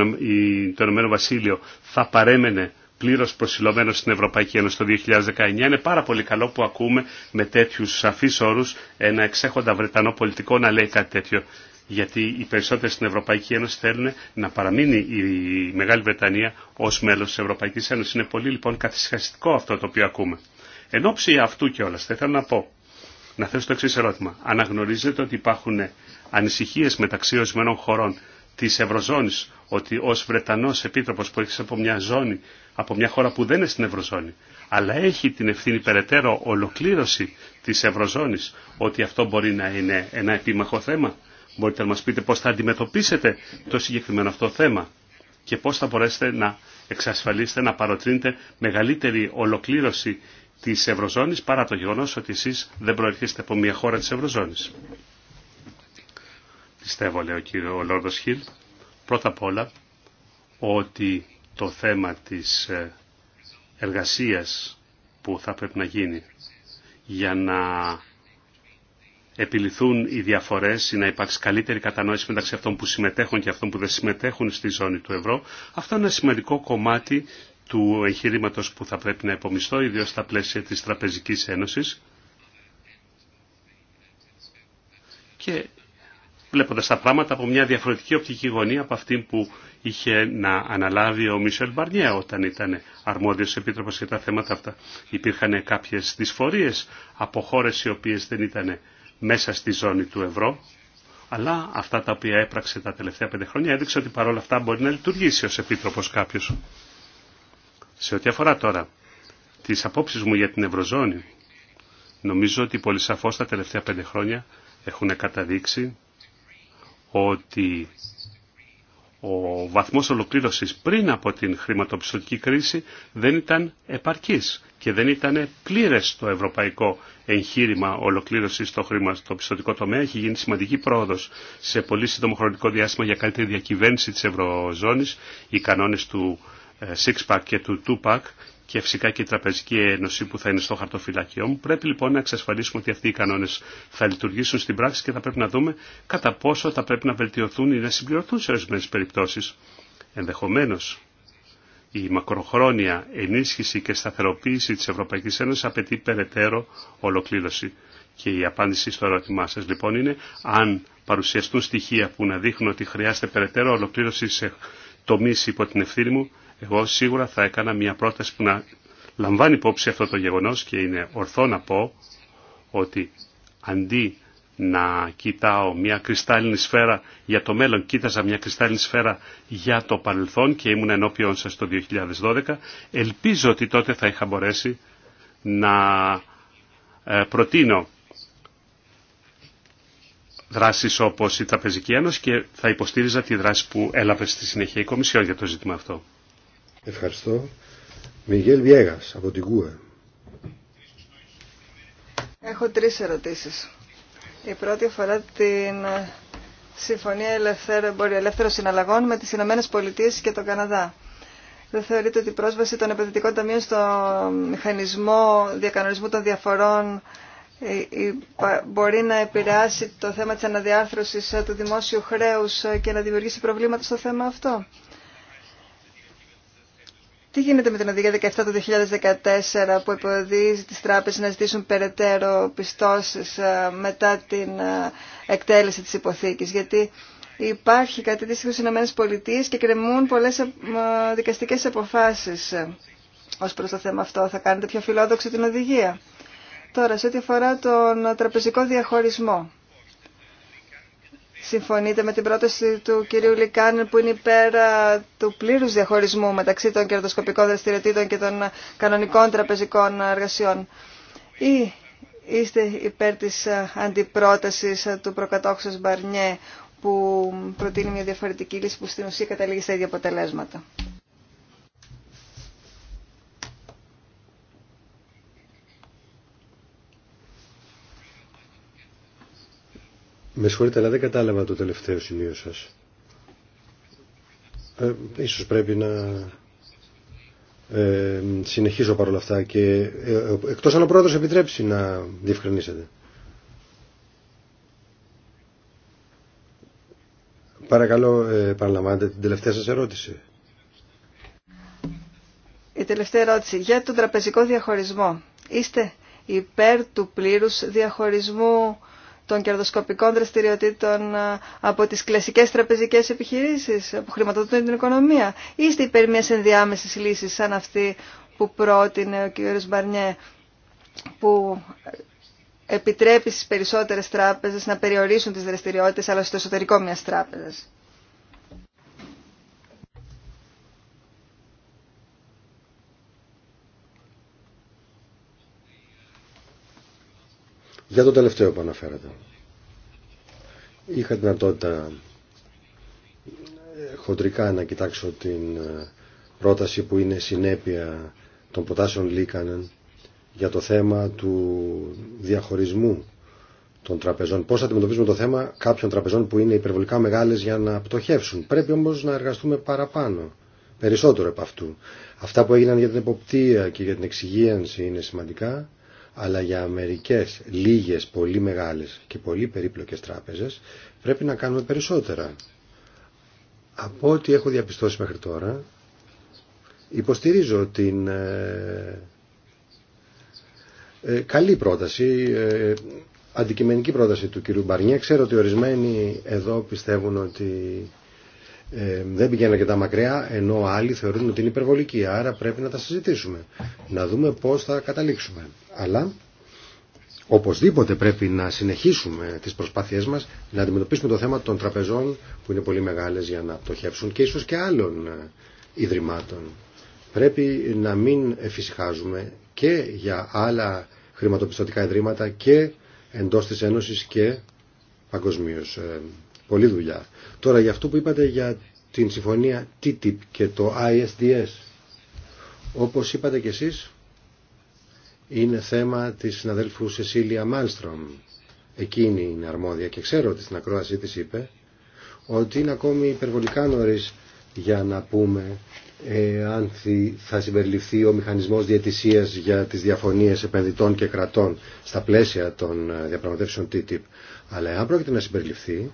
το Ηνωμένο Βασίλειο θα παρέμενε πλήρως προσιλωμένο στην Ευρωπαϊκή Ένωση το 2019. Είναι πάρα πολύ καλό που ακούμε με τέτοιους σαφείς όρους ένα εξέχοντα Βρετανό πολιτικό να λέει κάτι τέτοιο. Γιατί οι περισσότεροι στην Ευρωπαϊκή Ένωση θέλουν να παραμείνει η Μεγάλη Βρετανία ως μέλος της Ευρωπαϊκής Ένωσης. Είναι πολύ λοιπόν καθυσχαστικό αυτό το οποίο ακούμε. Εν ώψη αυτού κιόλας θα ήθελα να πω, να θέσω το εξή ερώτημα. Αναγνωρίζετε ότι υπάρχουν ανησυχίες μεταξύ ορισμένων χωρών της Ευρωζώνης, ότι ως Βρετανός Επίτροπος που έρχεσαι από μια ζώνη, από μια χώρα που δεν είναι στην Ευρωζώνη, αλλά έχει την ευθύνη περαιτέρω ολοκλήρωση της Ευρωζώνης, ότι αυτό μπορεί να είναι ένα επίμαχο θέμα. Μπορείτε να μας πείτε πώς θα αντιμετωπίσετε το συγκεκριμένο αυτό θέμα και πώς θα μπορέσετε να εξασφαλίσετε, να παροτρύνετε μεγαλύτερη ολοκλήρωση της Ευρωζώνης παρά το γεγονός ότι εσείς δεν προερχέστε από μια χώρα της Ευρωζώνης πιστεύω, λέει ο κύριο ο Λόρδος Χιλ, πρώτα απ' όλα ότι το θέμα της ε, εργασίας που θα πρέπει να γίνει για να επιληθούν οι διαφορές ή να υπάρξει καλύτερη κατανόηση μεταξύ αυτών που συμμετέχουν και αυτών που δεν συμμετέχουν στη ζώνη του ευρώ. Αυτό είναι ένα σημαντικό κομμάτι του εγχειρήματο που θα πρέπει να υπομισθώ, ιδίω στα πλαίσια της Τραπεζικής Ένωσης. Και βλέποντας τα πράγματα από μια διαφορετική οπτική γωνία από αυτή που είχε να αναλάβει ο Μισελ Μπαρνιέ όταν ήταν αρμόδιος επίτροπος για τα θέματα αυτά. Υπήρχαν κάποιες δυσφορίες από χώρε οι οποίες δεν ήταν μέσα στη ζώνη του ευρώ, αλλά αυτά τα οποία έπραξε τα τελευταία πέντε χρόνια έδειξε ότι παρόλα αυτά μπορεί να λειτουργήσει ως επίτροπος κάποιος. Σε ό,τι αφορά τώρα τις απόψεις μου για την Ευρωζώνη, νομίζω ότι πολύ σαφώς τα τελευταία πέντε χρόνια έχουν καταδείξει ότι ο βαθμός ολοκλήρωσης πριν από την χρηματοπιστωτική κρίση δεν ήταν επαρκής και δεν ήταν πλήρες το ευρωπαϊκό εγχείρημα ολοκλήρωσης στο χρηματοπιστωτικό τομέα. Έχει γίνει σημαντική πρόοδος σε πολύ σύντομο χρονικό διάστημα για καλύτερη διακυβέρνηση της Ευρωζώνης, οι κανόνες του 6 ε, Pack και του 2 Pack και φυσικά και η Τραπεζική Ένωση που θα είναι στο χαρτοφυλακείο μου. Πρέπει λοιπόν να εξασφαλίσουμε ότι αυτοί οι κανόνε θα λειτουργήσουν στην πράξη και θα πρέπει να δούμε κατά πόσο θα πρέπει να βελτιωθούν ή να συμπληρωθούν σε ορισμένε περιπτώσει. Ενδεχομένω η μακροχρόνια ενίσχυση και σταθεροποίηση τη Ευρωπαϊκή Ένωση απαιτεί περαιτέρω ολοκλήρωση. Και η απάντηση στο ερώτημά σα λοιπόν είναι αν παρουσιαστούν στοιχεία που να δείχνουν ότι χρειάζεται περαιτέρω ολοκλήρωση σε τομεί υπό την ευθύνη μου, εγώ σίγουρα θα έκανα μια πρόταση που να λαμβάνει υπόψη αυτό το γεγονός και είναι ορθό να πω ότι αντί να κοιτάω μια κρυστάλλινη σφαίρα για το μέλλον, κοίταζα μια κρυστάλλινη σφαίρα για το παρελθόν και ήμουν ενώπιον σας το 2012. Ελπίζω ότι τότε θα είχα μπορέσει να ε, προτείνω δράσεις όπως η Τραπεζική Ένωση και θα υποστήριζα τη δράση που έλαβε στη συνέχεια η Κομισιόν για το ζήτημα αυτό. Ευχαριστώ. Μιγέλ Βιέγας από την ΚΟΕ. Έχω τρεις ερωτήσεις. Η πρώτη αφορά την ε, Συμφωνία Ελεύθερων Συναλλαγών με τις Ηνωμένες Πολιτείες και τον Καναδά. Δεν θεωρείτε ότι η πρόσβαση των επενδυτικών ταμείων στο μηχανισμό διακανονισμού των διαφορών ε, ε, μπορεί να επηρεάσει το θέμα της αναδιάρθρωσης του δημόσιου χρέους και να δημιουργήσει προβλήματα στο θέμα αυτό. Τι γίνεται με την οδηγία 17 του 2014 που υποδίζει τις τράπεζες να ζητήσουν περαιτέρω πιστώσεις ε, μετά την ε, εκτέλεση της υποθήκης. Γιατί υπάρχει κάτι αντίστοιχο στις Ηνωμένες Πολιτείες και κρεμούν πολλές ε, δικαστικές αποφάσεις ως προς το θέμα αυτό. Θα κάνετε πιο φιλόδοξη την οδηγία. Τώρα, σε ό,τι αφορά τον τραπεζικό διαχωρισμό. Συμφωνείτε με την πρόταση του κυρίου Λικάνεν που είναι υπέρ του πλήρους διαχωρισμού μεταξύ των κερδοσκοπικών δραστηριοτήτων και των κανονικών τραπεζικών εργασιών. Ή είστε υπέρ της αντιπρότασης του προκατόχου σας Μπαρνιέ που προτείνει μια διαφορετική λύση που στην ουσία καταλήγει στα ίδια αποτελέσματα. Με συγχωρείτε, αλλά δεν κατάλαβα το τελευταίο σημείο σας. Ε, ίσως πρέπει να ε, συνεχίσω παρόλα αυτά και ε, εκτός αν ο πρόεδρος επιτρέψει να διευκρινίσετε. Παρακαλώ, ε, παραλαμβάνετε την τελευταία σας ερώτηση. Η τελευταία ερώτηση για τον τραπεζικό διαχωρισμό. Είστε υπέρ του πλήρους διαχωρισμού των κερδοσκοπικών δραστηριοτήτων ε, από τις κλασικές τραπεζικές επιχειρήσεις που χρηματοδοτούν την οικονομία. Είστε υπέρ μιας ενδιάμεση λύσης σαν αυτή που πρότεινε ο κ. Μπαρνιέ που επιτρέπει στις περισσότερες τράπεζες να περιορίσουν τις δραστηριότητες αλλά στο εσωτερικό μιας τράπεζας. Για το τελευταίο που αναφέρατε. Είχα την δυνατότητα ε, χοντρικά να κοιτάξω την ε, πρόταση που είναι συνέπεια των ποτάσεων Λίκανεν για το θέμα του διαχωρισμού των τραπεζών. Πώς θα αντιμετωπίζουμε το θέμα κάποιων τραπεζών που είναι υπερβολικά μεγάλες για να πτωχεύσουν. Πρέπει όμως να εργαστούμε παραπάνω, περισσότερο από αυτού. Αυτά που έγιναν για την εποπτεία και για την εξυγίανση είναι σημαντικά αλλά για μερικές λίγες πολύ μεγάλες και πολύ περίπλοκες τράπεζες πρέπει να κάνουμε περισσότερα. Από ό,τι έχω διαπιστώσει μέχρι τώρα υποστηρίζω την ε, ε, καλή πρόταση, ε, αντικειμενική πρόταση του κυρίου Μπαρνιέ. Ξέρω ότι ορισμένοι εδώ πιστεύουν ότι ε, δεν πηγαίνει αρκετά μακριά, ενώ άλλοι θεωρούν ότι είναι υπερβολική. Άρα πρέπει να τα συζητήσουμε. Να δούμε πώ θα καταλήξουμε. Αλλά οπωσδήποτε πρέπει να συνεχίσουμε τι προσπάθειέ μα να αντιμετωπίσουμε το θέμα των τραπεζών που είναι πολύ μεγάλε για να πτωχεύσουν και ίσω και άλλων ε, ιδρυμάτων. Πρέπει να μην εφησυχάζουμε και για άλλα χρηματοπιστωτικά ιδρύματα και εντός της Ένωσης και παγκοσμίως. Ε, Πολύ δουλειά. Τώρα για αυτό που είπατε για την συμφωνία TTIP και το ISDS. Όπως είπατε κι εσείς, είναι θέμα της συναδέλφου Σεσίλια Μάλστρομ. Εκείνη είναι αρμόδια και ξέρω ότι στην ακρόαση της είπε ότι είναι ακόμη υπερβολικά νωρίς για να πούμε ε, αν θα συμπεριληφθεί ο μηχανισμός διαιτησίας για τις διαφωνίες επενδυτών και κρατών στα πλαίσια των ε, διαπραγματεύσεων TTIP. Αλλά αν πρόκειται να συμπεριληφθεί,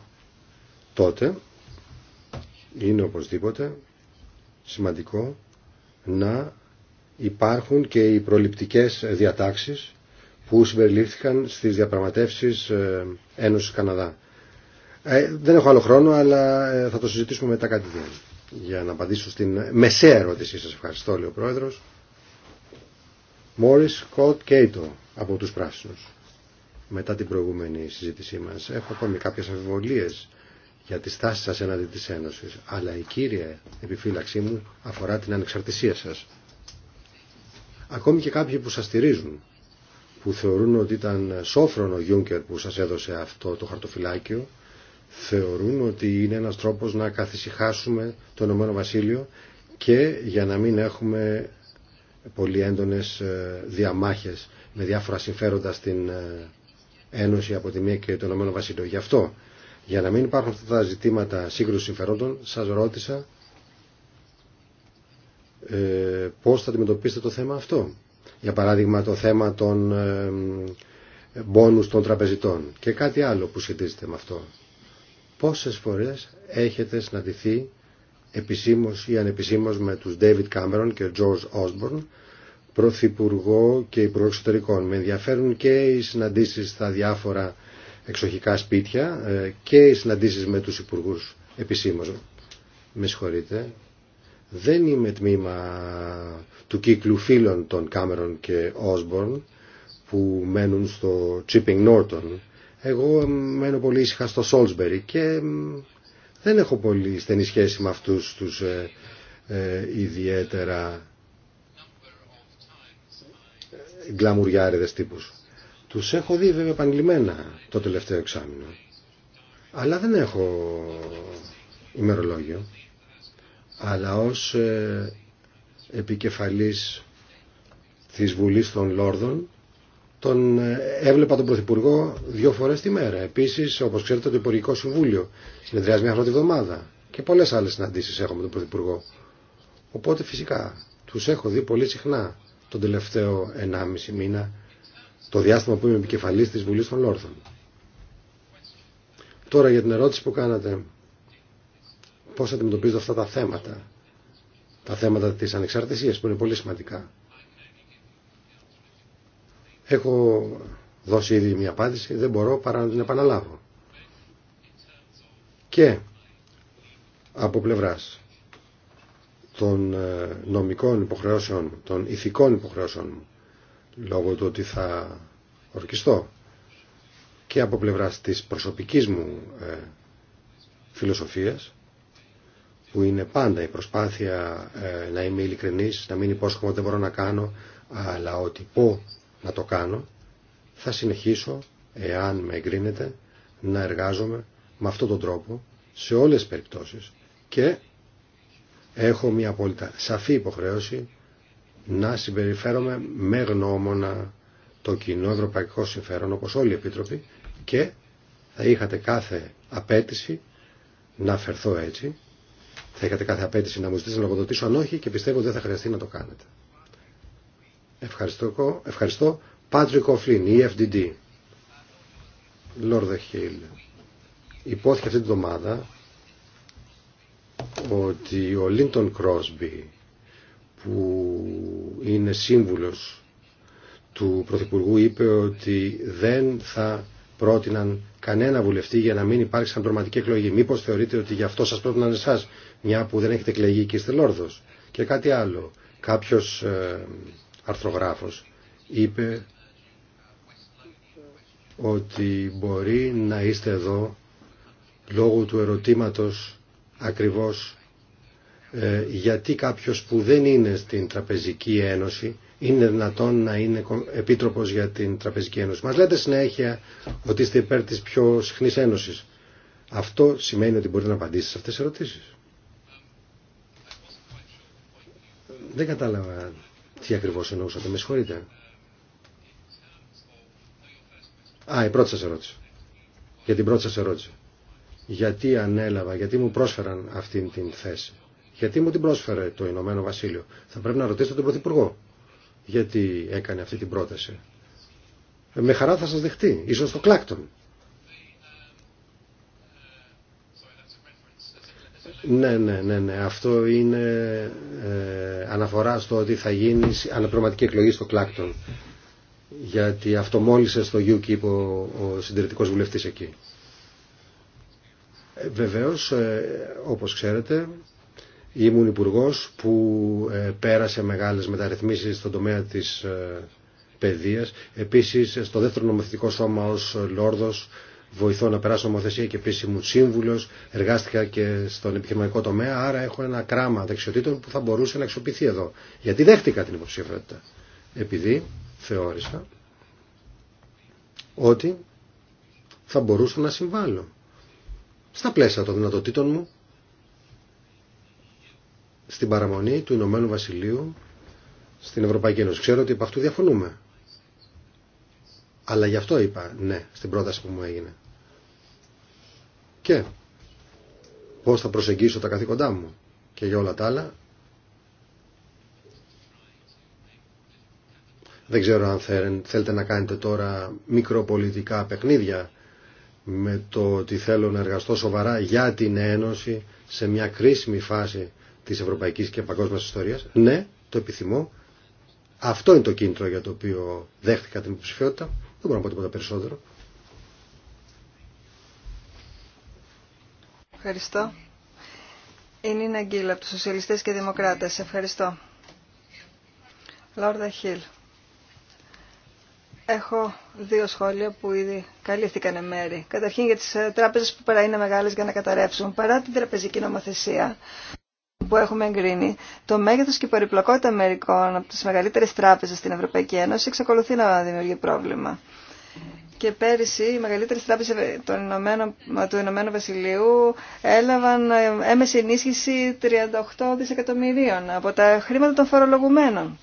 τότε είναι οπωσδήποτε σημαντικό να υπάρχουν και οι προληπτικές διατάξεις που συμπεριλήφθηκαν στις διαπραγματεύσεις ε, Ένωσης Καναδά. Ε, δεν έχω άλλο χρόνο, αλλά ε, θα το συζητήσουμε μετά κάτι Για να απαντήσω στην μεσαία ερώτησή σας. Ευχαριστώ, λέει ο Πρόεδρος. Μόρις Κοτ Κέιτο από τους Πράσινους. Μετά την προηγούμενη συζήτησή μας έχω ακόμη κάποιες αμφιβολίες για τη στάση σας έναντι της Ένωσης, αλλά η κύρια επιφύλαξή μου αφορά την ανεξαρτησία σας. Ακόμη και κάποιοι που σας στηρίζουν, που θεωρούν ότι ήταν σόφρον ο Γιούνκερ που σας έδωσε αυτό το χαρτοφυλάκιο, θεωρούν ότι είναι ένας τρόπος να καθησυχάσουμε το Ηνωμένο Βασίλειο και για να μην έχουμε πολύ έντονες ε, διαμάχες με διάφορα συμφέροντα στην ε, Ένωση από τη μία και το Ηνωμένο Βασίλειο. Γι' αυτό για να μην υπάρχουν αυτά τα ζητήματα σύγκρουση συμφερόντων, σα ρώτησα ε, πώς θα αντιμετωπίσετε το θέμα αυτό. Για παράδειγμα το θέμα των ε, των τραπεζιτών και κάτι άλλο που σχετίζεται με αυτό. Πόσες φορές έχετε συναντηθεί επισήμως ή ανεπισήμως με τους David Cameron και George Osborne, πρωθυπουργό και υπουργό εξωτερικών. Με ενδιαφέρουν και οι συναντήσεις στα διάφορα εξοχικά σπίτια ε, και οι συναντήσεις με τους υπουργούς επισήμως. Με συγχωρείτε. Δεν είμαι τμήμα του κύκλου φίλων των Κάμερον και Όσμπορν που μένουν στο Chipping Norton. Εγώ ε, μένω πολύ ήσυχα στο Σόλσμπερι και ε, δεν έχω πολύ στενή σχέση με αυτούς τους ιδιαίτερα γκλαμουριάριδες τύπους. Τους έχω δει βέβαια επανειλημμένα το τελευταίο εξάμεινο. Αλλά δεν έχω ημερολόγιο. Αλλά ως ε, επικεφαλής της Βουλής των Λόρδων τον ε, έβλεπα τον Πρωθυπουργό δύο φορές τη μέρα. Επίσης, όπως ξέρετε, το Υπουργικό Συμβούλιο συνεδριάζει μια φορά τη βδομάδα και πολλές άλλες συναντήσεις έχω με τον Πρωθυπουργό. Οπότε φυσικά τους έχω δει πολύ συχνά τον τελευταίο 1,5 μήνα το διάστημα που είμαι επικεφαλής της Βουλής των Λόρθων. Τώρα για την ερώτηση που κάνατε, πώ αντιμετωπίζω αυτά τα θέματα, τα θέματα της ανεξαρτησία που είναι πολύ σημαντικά. Έχω δώσει ήδη μια απάντηση, δεν μπορώ παρά να την επαναλάβω. Και από πλευράς των ε, νομικών υποχρεώσεων, των ηθικών υποχρεώσεων μου, λόγω του ότι θα ορκιστώ και από πλευράς της προσωπικής μου ε, φιλοσοφίας που είναι πάντα η προσπάθεια ε, να είμαι ειλικρινής, να μην υπόσχομαι ότι δεν μπορώ να κάνω αλλά ότι πω να το κάνω θα συνεχίσω εάν με εγκρίνεται να εργάζομαι με αυτόν τον τρόπο σε όλες τις περιπτώσεις και έχω μια απόλυτα σαφή υποχρέωση να συμπεριφέρομαι με γνώμονα το κοινό ευρωπαϊκό συμφέρον όπως όλοι οι επίτροποι και θα είχατε κάθε απέτηση να φερθώ έτσι θα είχατε κάθε απέτηση να μου ζητήσετε να λογοδοτήσω αν όχι και πιστεύω ότι δεν θα χρειαστεί να το κάνετε. Ευχαριστώ. Ευχαριστώ. Πάτρικ Οφλίν, EFDD. Λόρδε Χίλ. Υπόθηκε αυτή την εβδομάδα ότι ο Λίντον Κρόσμπι που είναι σύμβουλος του Πρωθυπουργού είπε ότι δεν θα πρότειναν κανένα βουλευτή για να μην υπάρξει πραγματική εκλογή. Μήπως θεωρείτε ότι γι' αυτό σας πρότειναν εσά, μια που δεν έχετε εκλεγεί και είστε Λόρδος. Και κάτι άλλο. Κάποιος ε, αρθρογράφος είπε ότι μπορεί να είστε εδώ λόγω του ερωτήματος ακριβώς ε, γιατί κάποιος που δεν είναι στην Τραπεζική Ένωση είναι δυνατόν να είναι επίτροπος για την Τραπεζική Ένωση. Μας λέτε συνέχεια ότι είστε υπέρ της πιο συχνής ένωσης. Αυτό σημαίνει ότι μπορείτε να απαντήσετε σε αυτές τις ερωτήσεις. Δεν κατάλαβα τι ακριβώς εννοούσατε. Με συγχωρείτε. Α, η πρώτη σας ερώτηση. Για την πρώτη σας ερώτηση. Γιατί ανέλαβα, γιατί μου πρόσφεραν αυτήν την θέση. Γιατί μου την πρόσφερε το Ηνωμένο Βασίλειο. Θα πρέπει να ρωτήσετε τον Πρωθυπουργό γιατί έκανε αυτή την πρόταση. Ε, με χαρά θα σας δεχτεί, ίσως στο Κλάκτον. Ναι, ναι, ναι, ναι. Αυτό είναι ε, αναφορά στο ότι θα γίνει αναπληρωματική εκλογή στο Κλάκτον. Γιατί αυτό μόλισε στο UKIP ο, ο συντηρητικός βουλευτής εκεί. Ε, βεβαίως, ε, όπως ξέρετε, Ήμουν υπουργό που ε, πέρασε μεγάλες μεταρρυθμίσεις στον τομέα της ε, παιδείας. Επίσης ε, στο δεύτερο νομοθετικό σώμα ως Λόρδος βοηθώ να περάσω νομοθεσία και επίσης ήμουν σύμβουλος. Εργάστηκα και στον επιχειρηματικό τομέα, άρα έχω ένα κράμα δεξιοτήτων που θα μπορούσε να αξιοποιηθεί εδώ. Γιατί δέχτηκα την υποψηφιότητα. Επειδή θεώρησα ότι θα μπορούσα να συμβάλλω στα πλαίσια των δυνατοτήτων μου στην παραμονή του Ηνωμένου Βασιλείου στην Ευρωπαϊκή Ένωση. Ξέρω ότι από αυτού διαφωνούμε. Αλλά γι' αυτό είπα ναι στην πρόταση που μου έγινε. Και πώς θα προσεγγίσω τα καθήκοντά μου και για όλα τα άλλα. Δεν ξέρω αν θέλετε να κάνετε τώρα μικροπολιτικά παιχνίδια με το ότι θέλω να εργαστώ σοβαρά για την Ένωση σε μια κρίσιμη φάση Τη Ευρωπαϊκή και παγκόσμιας ιστορίας. Ναι, το επιθυμώ. Αυτό είναι το κίνητρο για το οποίο δέχτηκα την υποψηφιότητα. Δεν μπορώ να πω τίποτα περισσότερο. Ευχαριστώ. Είναι Η Ναγκίλα από του Σοσιαλιστέ και Δημοκράτε. Ευχαριστώ. Λόρδα Χίλ. Έχω δύο σχόλια που ήδη καλύφθηκαν μέρη. Καταρχήν για τι ε, τράπεζες που παρά είναι μεγάλες για να καταρρεύσουν. Παρά την τραπεζική νομοθεσία, που έχουμε εγκρίνει, το μέγεθο και η περιπλοκότητα μερικών από τι μεγαλύτερε τράπεζε στην Ευρωπαϊκή Ένωση εξακολουθεί να δημιουργεί πρόβλημα. Και πέρυσι οι μεγαλύτερε τράπεζε του Ηνωμένου Βασιλείου έλαβαν ε, έμεση ενίσχυση 38 δισεκατομμυρίων από τα χρήματα των φορολογουμένων.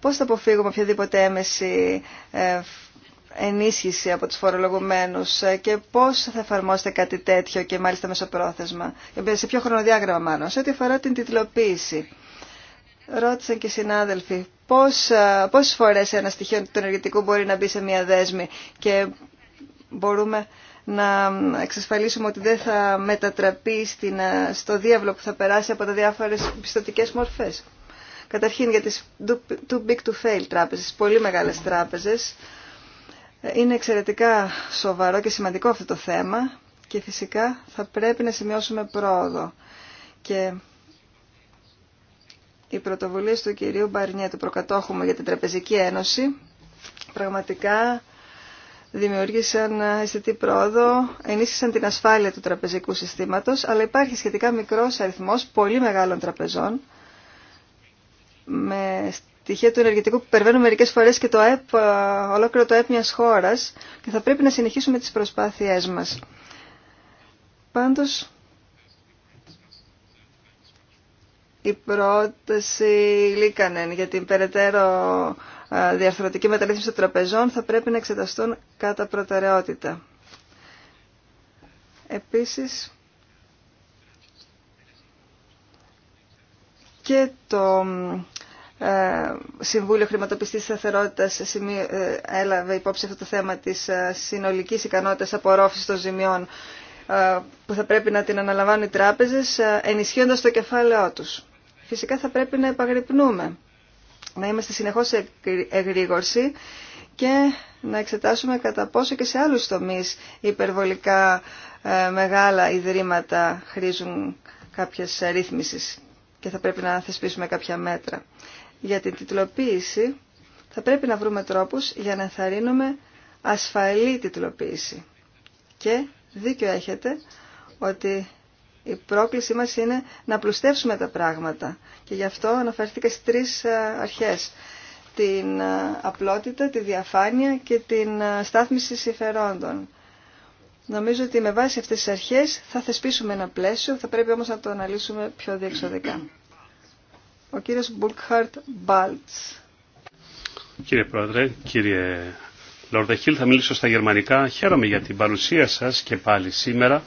Πώς θα αποφύγουμε οποιαδήποτε έμεση ε, ενίσχυση από τους φορολογουμένους ε, και πώς θα εφαρμόσετε κάτι τέτοιο και μάλιστα μεσοπρόθεσμα, ε, σε ποιο χρονοδιάγραμμα μάλλον, σε ό,τι αφορά την τιτλοποίηση. Ρώτησαν και οι συνάδελφοι πώς, ε, πόσες φορές ένα στοιχείο του ενεργητικού μπορεί να μπει σε μια δέσμη και μπορούμε να εξασφαλίσουμε ότι δεν θα μετατραπεί στην, στο διάβλο που θα περάσει από τα διάφορες πιστοτικές μορφές. Καταρχήν για τις too big to fail τράπεζες, πολύ μεγάλες τράπεζες, είναι εξαιρετικά σοβαρό και σημαντικό αυτό το θέμα και φυσικά θα πρέπει να σημειώσουμε πρόοδο. Και οι πρωτοβουλίε του κυρίου Μπαρνιέ, του προκατόχου μου για την Τραπεζική Ένωση, πραγματικά δημιούργησαν αισθητή πρόοδο, ενίσχυσαν την ασφάλεια του τραπεζικού συστήματος, αλλά υπάρχει σχετικά μικρός αριθμός πολύ μεγάλων τραπεζών με Τυχαία του ενεργητικού που περβαίνουν μερικές φορές και το ΑΕΠ, ε, ολόκληρο το ΑΕΠ μιας χώρας και θα πρέπει να συνεχίσουμε τις προσπάθειές μας. Πάντως, η πρόταση Λίκανεν για την περαιτέρω ε, διαρθρωτική μεταρρύθμιση των τραπεζών θα πρέπει να εξεταστούν κατά προτεραιότητα. Επίσης, και το ε, Συμβούλιο Χρηματοπιστής Σταθερότητας ε, έλαβε υπόψη αυτό το θέμα τη ε, συνολικής ικανότητας απορρόφησης των ζημιών που θα πρέπει να την αναλαμβάνουν οι τράπεζες ενισχύοντας το κεφάλαιό τους. Φυσικά θα πρέπει να επαγρυπνούμε, να είμαστε συνεχώς σε εγρήγορση και να εξετάσουμε κατά πόσο και σε άλλους τομεί υπερβολικά μεγάλα ιδρύματα χρήζουν κάποιες ρύθμισης και θα πρέπει να θεσπίσουμε κάποια μέτρα για την τιτλοποίηση θα πρέπει να βρούμε τρόπους για να ενθαρρύνουμε ασφαλή τιτλοποίηση. Και δίκιο έχετε ότι η πρόκλησή μας είναι να πλουστεύσουμε τα πράγματα. Και γι' αυτό αναφέρθηκα στις τρεις ε, αρχές. Την ε, απλότητα, τη διαφάνεια και την ε, στάθμιση συμφερόντων. Νομίζω ότι με βάση αυτές τις αρχές θα θεσπίσουμε ένα πλαίσιο, θα πρέπει όμως να το αναλύσουμε πιο διεξοδικά. Ο κύριος Μπουρκχάρτ Μπάλτς. Κύριε Πρόεδρε, κύριε Λόρδε Χίλ, θα μιλήσω στα γερμανικά. Χαίρομαι για την παρουσία σας και πάλι σήμερα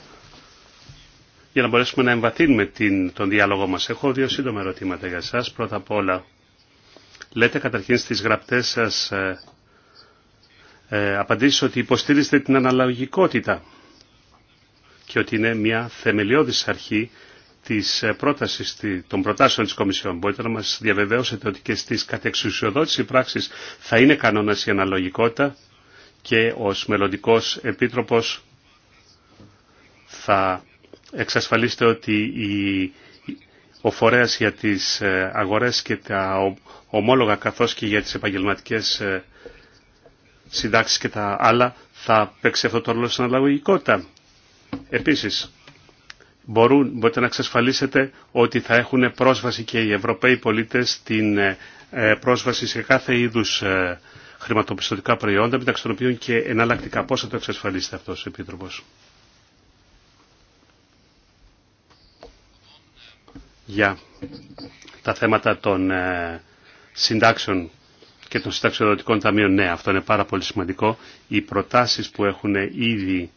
για να μπορέσουμε να εμβαθύνουμε την, τον διάλογο μας. Έχω δύο σύντομα ερωτήματα για σας. Πρώτα απ' όλα, λέτε καταρχήν στις γραπτές σας ε, ε απαντήσεις ότι υποστήριζετε την αναλογικότητα και ότι είναι μια θεμελιώδης αρχή της ε, πρότασης, των προτάσεων της Κομισιόν. Μπορείτε να μας διαβεβαίωσετε ότι και στις κατεξουσιοδότηση πράξεις θα είναι κανόνας η αναλογικότητα και ως μελλοντικό επίτροπος θα εξασφαλίσετε ότι η, ο φορέας για τις ε, αγορές και τα ομόλογα καθώς και για τις επαγγελματικές ε, συντάξεις και τα άλλα θα παίξει αυτό το ρόλο στην αναλογικότητα. Επίσης, μπορούν, μπορείτε να εξασφαλίσετε ότι θα έχουν πρόσβαση και οι Ευρωπαίοι πολίτες στην ε, πρόσβαση σε κάθε είδους ε, χρηματοπιστωτικά προϊόντα, μεταξύ των οποίων και εναλλακτικά. Πώς θα το εξασφαλίσετε αυτός ο Επίτροπος. Για τα θέματα των ε, συντάξεων και των συνταξιοδοτικών ταμείων, ναι, αυτό είναι πάρα πολύ σημαντικό. Οι προτάσεις που έχουν ήδη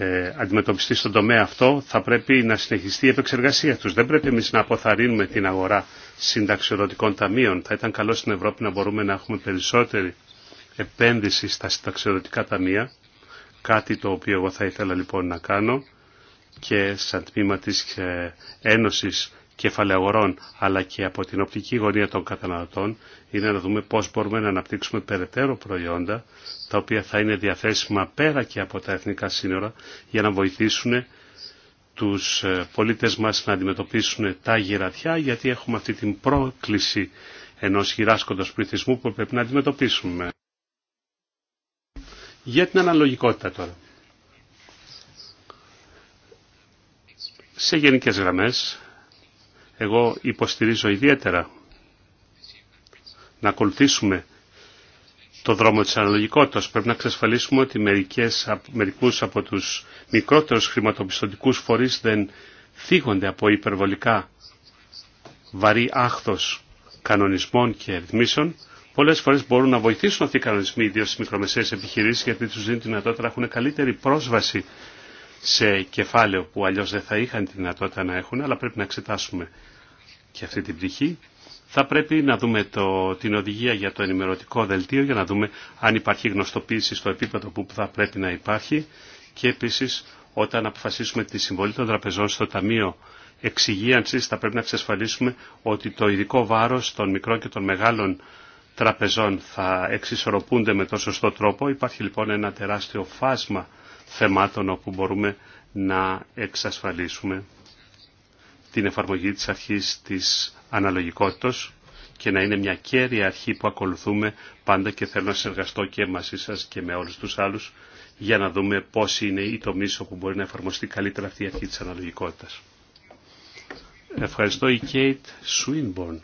ε, αντιμετωπιστεί στον τομέα αυτό θα πρέπει να συνεχιστεί η επεξεργασία τους. Δεν πρέπει εμείς να αποθαρρύνουμε την αγορά συνταξιοδοτικών ταμείων. Θα ήταν καλό στην Ευρώπη να μπορούμε να έχουμε περισσότερη επένδυση στα συνταξιοδοτικά ταμεία, κάτι το οποίο εγώ θα ήθελα λοιπόν να κάνω και σαν τμήμα της ε, Ένωσης Κεφαλαγορών, αλλά και από την οπτική γωνία των καταναλωτών είναι να δούμε πώς μπορούμε να αναπτύξουμε περαιτέρω προϊόντα τα οποία θα είναι διαθέσιμα πέρα και από τα εθνικά σύνορα για να βοηθήσουν τους ε, πολίτες μας να αντιμετωπίσουν τα γυρατιά γιατί έχουμε αυτή την πρόκληση ενός γυράσκοντος πληθυσμού που πρέπει να αντιμετωπίσουμε. Για την αναλογικότητα τώρα. Σε γενικές γραμμές εγώ υποστηρίζω ιδιαίτερα να ακολουθήσουμε το δρόμο της αναλογικότητας. Πρέπει να εξασφαλίσουμε ότι μερικές, μερικούς από τους μικρότερους χρηματοπιστωτικούς φορείς δεν θίγονται από υπερβολικά βαρύ άχθος κανονισμών και ρυθμίσεων. Πολλές φορές μπορούν να βοηθήσουν αυτοί οι κανονισμοί, ιδίως στις μικρομεσαίες επιχειρήσεις, γιατί τους δίνουν τη δυνατότητα να έχουν καλύτερη πρόσβαση σε κεφάλαιο που αλλιώς δεν θα είχαν τη δυνατότητα να έχουν, αλλά πρέπει να εξετάσουμε και αυτή την πτυχή. Θα πρέπει να δούμε το, την οδηγία για το ενημερωτικό δελτίο για να δούμε αν υπάρχει γνωστοποίηση στο επίπεδο που θα πρέπει να υπάρχει και επίσης όταν αποφασίσουμε τη συμβολή των τραπεζών στο Ταμείο Εξυγίανσης θα πρέπει να εξασφαλίσουμε ότι το ειδικό βάρος των μικρών και των μεγάλων τραπεζών θα εξισορροπούνται με το σωστό τρόπο. Υπάρχει λοιπόν ένα τεράστιο φάσμα θεμάτων όπου μπορούμε να εξασφαλίσουμε την εφαρμογή της αρχής της αναλογικότητας και να είναι μια κέρια αρχή που ακολουθούμε πάντα και θέλω να συνεργαστώ και μαζί σας και με όλους τους άλλους για να δούμε πώς είναι η τομή όπου μπορεί να εφαρμοστεί καλύτερα αυτή η αρχή της αναλογικότητας. Ευχαριστώ η Κέιτ Σουίνμπορν.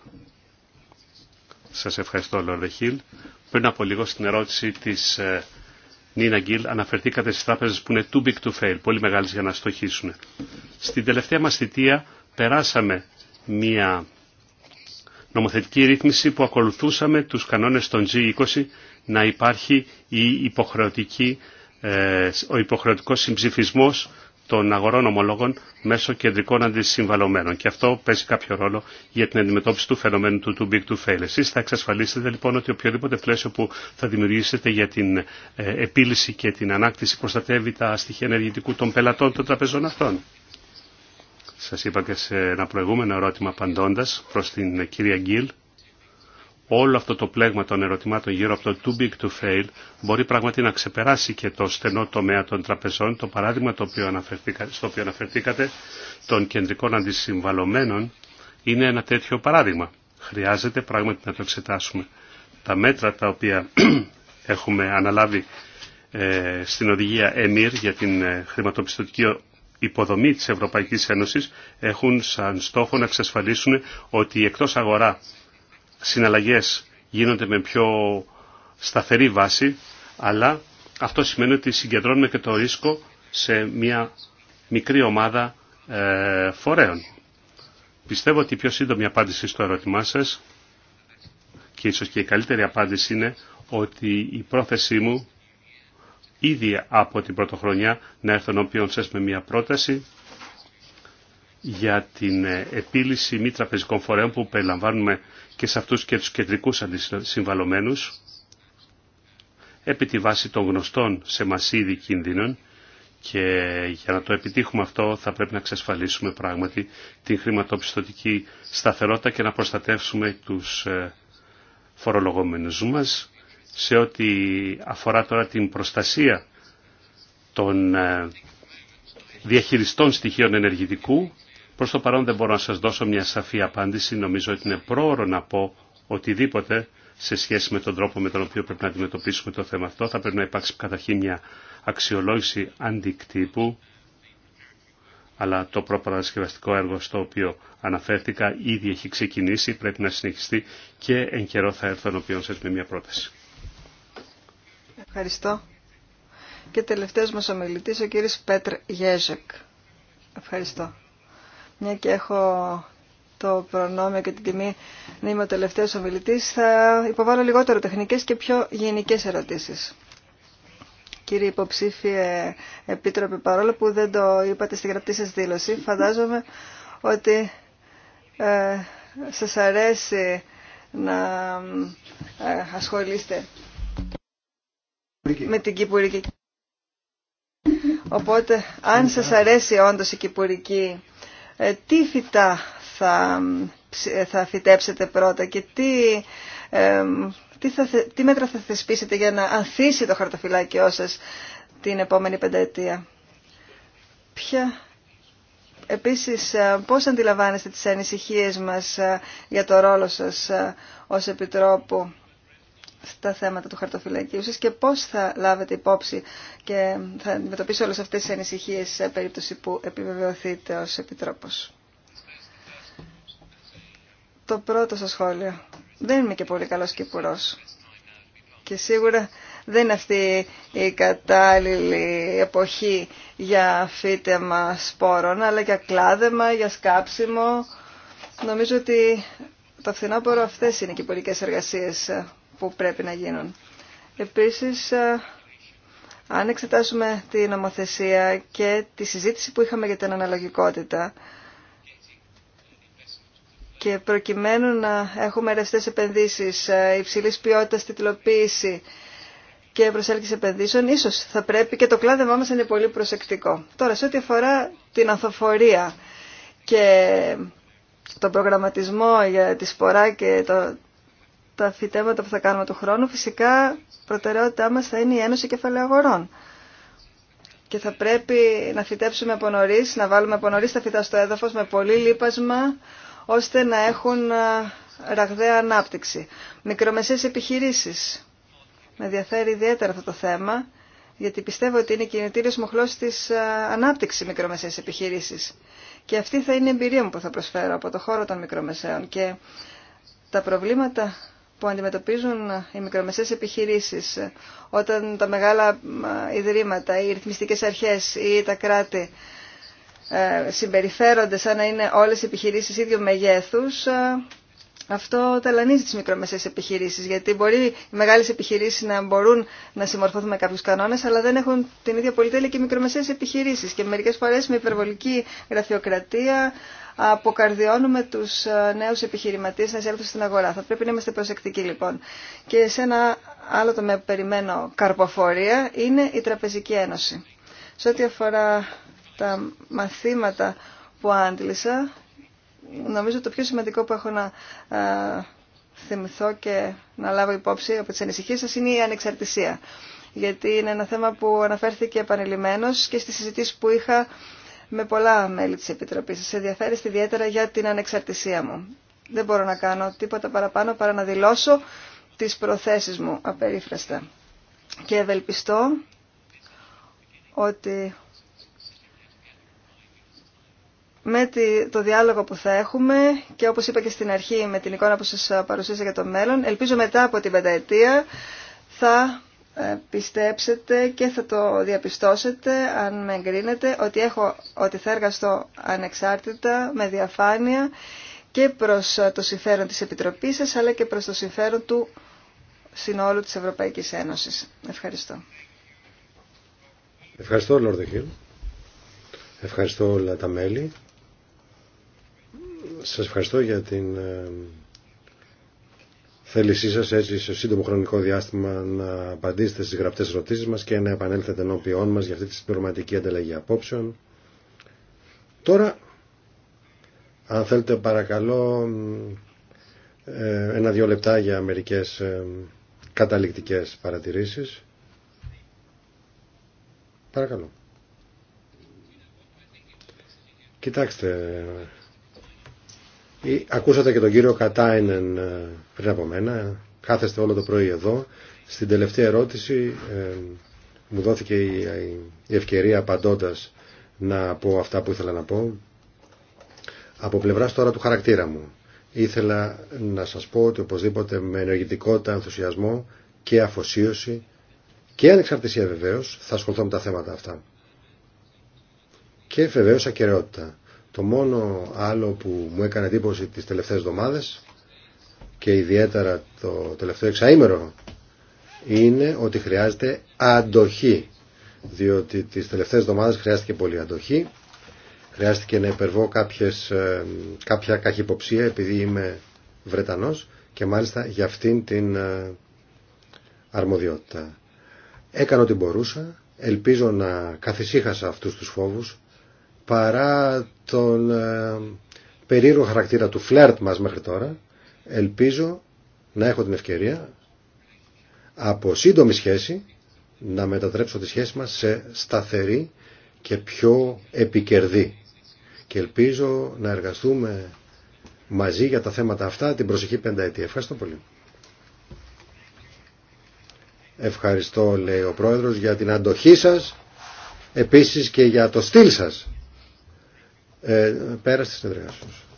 Σας ευχαριστώ Λόρδε Χίλ. Πριν από λίγο στην ερώτηση της ε, Νίνα Γκίλ, αναφερθήκατε στι τράπεζε που είναι too big to fail, πολύ μεγάλες για να στοχίσουν. Στην τελευταία μα θητεία περάσαμε μια νομοθετική ρύθμιση που ακολουθούσαμε του κανόνε των G20 να υπάρχει η υποχρεωτική, ε, ο υποχρεωτικό συμψηφισμό των αγορών ομολόγων μέσω κεντρικών αντισυμβαλωμένων. Και αυτό παίζει κάποιο ρόλο για την αντιμετώπιση του φαινομένου του too big to fail. Εσείς θα εξασφαλίσετε λοιπόν ότι οποιοδήποτε πλαίσιο που θα δημιουργήσετε για την ε, επίλυση και την ανάκτηση προστατεύει τα στοιχεία ενεργητικού των πελατών των τραπεζών αυτών. Σας είπα και σε ένα προηγούμενο ερώτημα απαντώντας προς την ε, κυρία Γκίλ όλο αυτό το πλέγμα των ερωτημάτων γύρω από το too big to fail μπορεί πράγματι να ξεπεράσει και το στενό τομέα των τραπεζών, το παράδειγμα το οποίο στο οποίο αναφερθήκατε των κεντρικών αντισυμβαλωμένων είναι ένα τέτοιο παράδειγμα. Χρειάζεται πράγματι να το εξετάσουμε. Τα μέτρα τα οποία έχουμε αναλάβει ε, στην οδηγία ΕΜΙΡ για την ε, χρηματοπιστωτική υποδομή της Ευρωπαϊκής Ένωσης έχουν σαν στόχο να εξασφαλίσουν ότι εκτός αγορά συναλλαγές γίνονται με πιο σταθερή βάση, αλλά αυτό σημαίνει ότι συγκεντρώνουμε και το ρίσκο σε μια μικρή ομάδα ε, φορέων. Πιστεύω ότι η πιο σύντομη απάντηση στο ερώτημά σας και ίσως και η καλύτερη απάντηση είναι ότι η πρόθεσή μου ήδη από την πρωτοχρονιά να έρθω ενώπιον σας με μια πρόταση για την ε, επίλυση μη τραπεζικών φορέων που περιλαμβάνουμε και σε αυτούς και τους κεντρικούς αντισυμβαλωμένους επί τη βάση των γνωστών σε μασίδι κινδύνων και για να το επιτύχουμε αυτό θα πρέπει να εξασφαλίσουμε πράγματι την χρηματοπιστωτική σταθερότητα και να προστατεύσουμε τους ε, φορολογόμενους μας σε ό,τι αφορά τώρα την προστασία των ε, διαχειριστών στοιχείων ενεργητικού Προς το παρόν δεν μπορώ να σας δώσω μια σαφή απάντηση. Νομίζω ότι είναι πρόωρο να πω οτιδήποτε σε σχέση με τον τρόπο με τον οποίο πρέπει να αντιμετωπίσουμε το θέμα αυτό. Θα πρέπει να υπάρξει καταρχήν μια αξιολόγηση αντικτύπου, αλλά το προπαρασκευαστικό έργο στο οποίο αναφέρθηκα ήδη έχει ξεκινήσει, πρέπει να συνεχιστεί και εν καιρό θα έρθω ενώπιον σας με μια πρόταση. Ευχαριστώ. Και τελευταίος μας ομιλητής, ο κύριος Πέτρ Γέζεκ. Ευχαριστώ. Μια και έχω το προνόμιο και την τιμή να είμαι ο τελευταίος ομιλητής, θα υποβάλω λιγότερο τεχνικές και πιο γενικές ερωτήσεις. Κύριε υποψήφιε επίτροπε, παρόλο που δεν το είπατε στην γραπτή σας δήλωση, φαντάζομαι ότι ε, σας αρέσει να ε, ασχολείστε με την Κυπουρική. Οπότε, αν σας αρέσει όντως η Κυπουρική ε, τι φυτά θα, ε, θα φυτέψετε πρώτα και τι, τι, μέτρα θα θεσπίσετε για να ανθίσει το χαρτοφυλάκιό σας την επόμενη πενταετία. Ποια... Επίσης, ε, πώς αντιλαμβάνεστε τις ανησυχίες μας για το ρόλο σας ως Επιτρόπου στα θέματα του χαρτοφυλακίου σας και πώς θα λάβετε υπόψη και θα αντιμετωπίσει όλες αυτές τις ανησυχίε σε περίπτωση που επιβεβαιωθείτε ως Επιτρόπος. Το πρώτο σας σχόλιο. Δεν είμαι και πολύ καλός κυπουρός. Και σίγουρα δεν είναι αυτή η κατάλληλη εποχή για φύτεμα σπόρων, αλλά για κλάδεμα, για σκάψιμο. Νομίζω ότι το φθινόπωρο αυτές είναι και οι πολιτικές εργασίες που πρέπει να γίνουν. Επίσης, ε, αν εξετάσουμε την νομοθεσία και τη συζήτηση που είχαμε για την αναλογικότητα και προκειμένου να έχουμε ρευστές επενδύσεις, ε, υψηλής ποιότητας τιτλοποίηση και προσέλκυση επενδύσεων, ίσως θα πρέπει και το κλάδεμά μας είναι πολύ προσεκτικό. Τώρα, σε ό,τι αφορά την ανθοφορία και τον προγραμματισμό για τη σπορά και το, τα φυτέματα που θα κάνουμε του χρόνου, φυσικά προτεραιότητά μας θα είναι η Ένωση Κεφαλαίου Αγορών. Και θα πρέπει να φυτέψουμε από νωρίς, να βάλουμε από νωρίς τα φυτά στο έδαφος με πολύ λίπασμα, ώστε να έχουν ραγδαία ανάπτυξη. Μικρομεσαίες επιχειρήσεις. Με ενδιαφέρει ιδιαίτερα αυτό το θέμα, γιατί πιστεύω ότι είναι κινητήριος μοχλός της ανάπτυξης μικρομεσαίες επιχειρήσεις. Και αυτή θα είναι η εμπειρία μου που θα προσφέρω από το χώρο των μικρομεσαίων. Και τα προβλήματα που αντιμετωπίζουν οι μικρομεσαίες επιχειρήσεις όταν τα μεγάλα ιδρύματα, οι ρυθμιστικές αρχές ή τα κράτη ε, συμπεριφέρονται σαν να είναι όλες οι επιχειρήσεις ίδιου μεγέθους ε, αυτό ταλανίζει τι μικρομεσαίε επιχειρήσει, γιατί μπορεί οι μεγάλε επιχειρήσει να μπορούν να συμμορφωθούν με κάποιου κανόνες, αλλά δεν έχουν την ίδια πολυτέλεια και οι μικρομεσαίε επιχειρήσει. Και μερικέ φορέ με υπερβολική γραφειοκρατία αποκαρδιώνουμε του ε, νέου επιχειρηματίε να εισέλθουν στην αγορά. Θα πρέπει να είμαστε προσεκτικοί λοιπόν. Και σε ένα άλλο το με περιμένω καρποφορία είναι η Τραπεζική Ένωση. Σε ό,τι αφορά τα μαθήματα που άντλησα, νομίζω το πιο σημαντικό που έχω να ε, θυμηθώ και να λάβω υπόψη από τις ανησυχίες σας είναι η ανεξαρτησία. Γιατί είναι ένα θέμα που αναφέρθηκε επανειλημμένως και στις συζητήσεις που είχα με πολλά μέλη της Επιτροπής. Σε ενδιαφέρει ιδιαίτερα για την ανεξαρτησία μου. Δεν μπορώ να κάνω τίποτα παραπάνω παρά να δηλώσω τις προθέσεις μου απερίφραστα. Και ευελπιστώ ότι με το διάλογο που θα έχουμε και όπως είπα και στην αρχή με την εικόνα που σας παρουσίασα για το μέλλον, ελπίζω μετά από την πενταετία θα ε, πιστέψετε και θα το διαπιστώσετε αν με εγκρίνετε ότι, έχω, ότι θα εργαστώ ανεξάρτητα, με διαφάνεια και προς ε, το συμφέρον της Επιτροπής σας αλλά και προς το συμφέρον του συνόλου της Ευρωπαϊκής Ένωσης. Ευχαριστώ. Ευχαριστώ Λόρδε Ευχαριστώ όλα τα μέλη. Σας ευχαριστώ για την ε, θέλησή σας έτσι σε σύντομο χρονικό διάστημα να απαντήσετε στις γραπτές ερωτήσεις μας και να επανέλθετε ενώπιόν μας για αυτή τη συμπληρωματική ανταλλαγή απόψεων. Τώρα, αν θέλετε παρακαλώ ε, ένα-δυο λεπτά για μερικές ε, καταληκτικές παρατηρήσεις. Παρακαλώ. Κοιτάξτε, ε, ακούσατε και τον κύριο Κατάινεν ε, πριν από μένα. Κάθεστε όλο το πρωί εδώ. Στην τελευταία ερώτηση ε, μου δόθηκε η, ευκαιρία απαντώντας να πω αυτά που ήθελα να πω. Από πλευράς τώρα του χαρακτήρα μου. Ήθελα να σας πω ότι οπωσδήποτε με ενεργητικότητα, ενθουσιασμό και αφοσίωση και ανεξαρτησία βεβαίως θα ασχοληθώ με τα θέματα αυτά. Και βεβαίως ακαιρεότητα. Το μόνο άλλο που μου έκανε εντύπωση τις τελευταίες εβδομάδες και ιδιαίτερα το τελευταίο εξαήμερο είναι ότι χρειάζεται αντοχή διότι τις τελευταίες εβδομάδες χρειάστηκε πολύ αντοχή χρειάστηκε να υπερβώ κάποιες, ε, κάποια καχυποψία επειδή είμαι Βρετανός και μάλιστα για αυτήν την ε, αρμοδιότητα. Έκανα ό,τι μπορούσα, ελπίζω να καθησύχασα αυτούς τους φόβους παρά τον ε, περίεργο χαρακτήρα του φλερτ μας μέχρι τώρα, ελπίζω να έχω την ευκαιρία από σύντομη σχέση να μετατρέψω τη σχέση μας σε σταθερή και πιο επικερδή. Και ελπίζω να εργαστούμε μαζί για τα θέματα αυτά την προσεχή πενταετία. Ευχαριστώ πολύ. Ευχαριστώ λέει ο Πρόεδρος για την αντοχή σας, επίσης και για το στυλ σας. Ε, πέρασε τι εδρεγασίε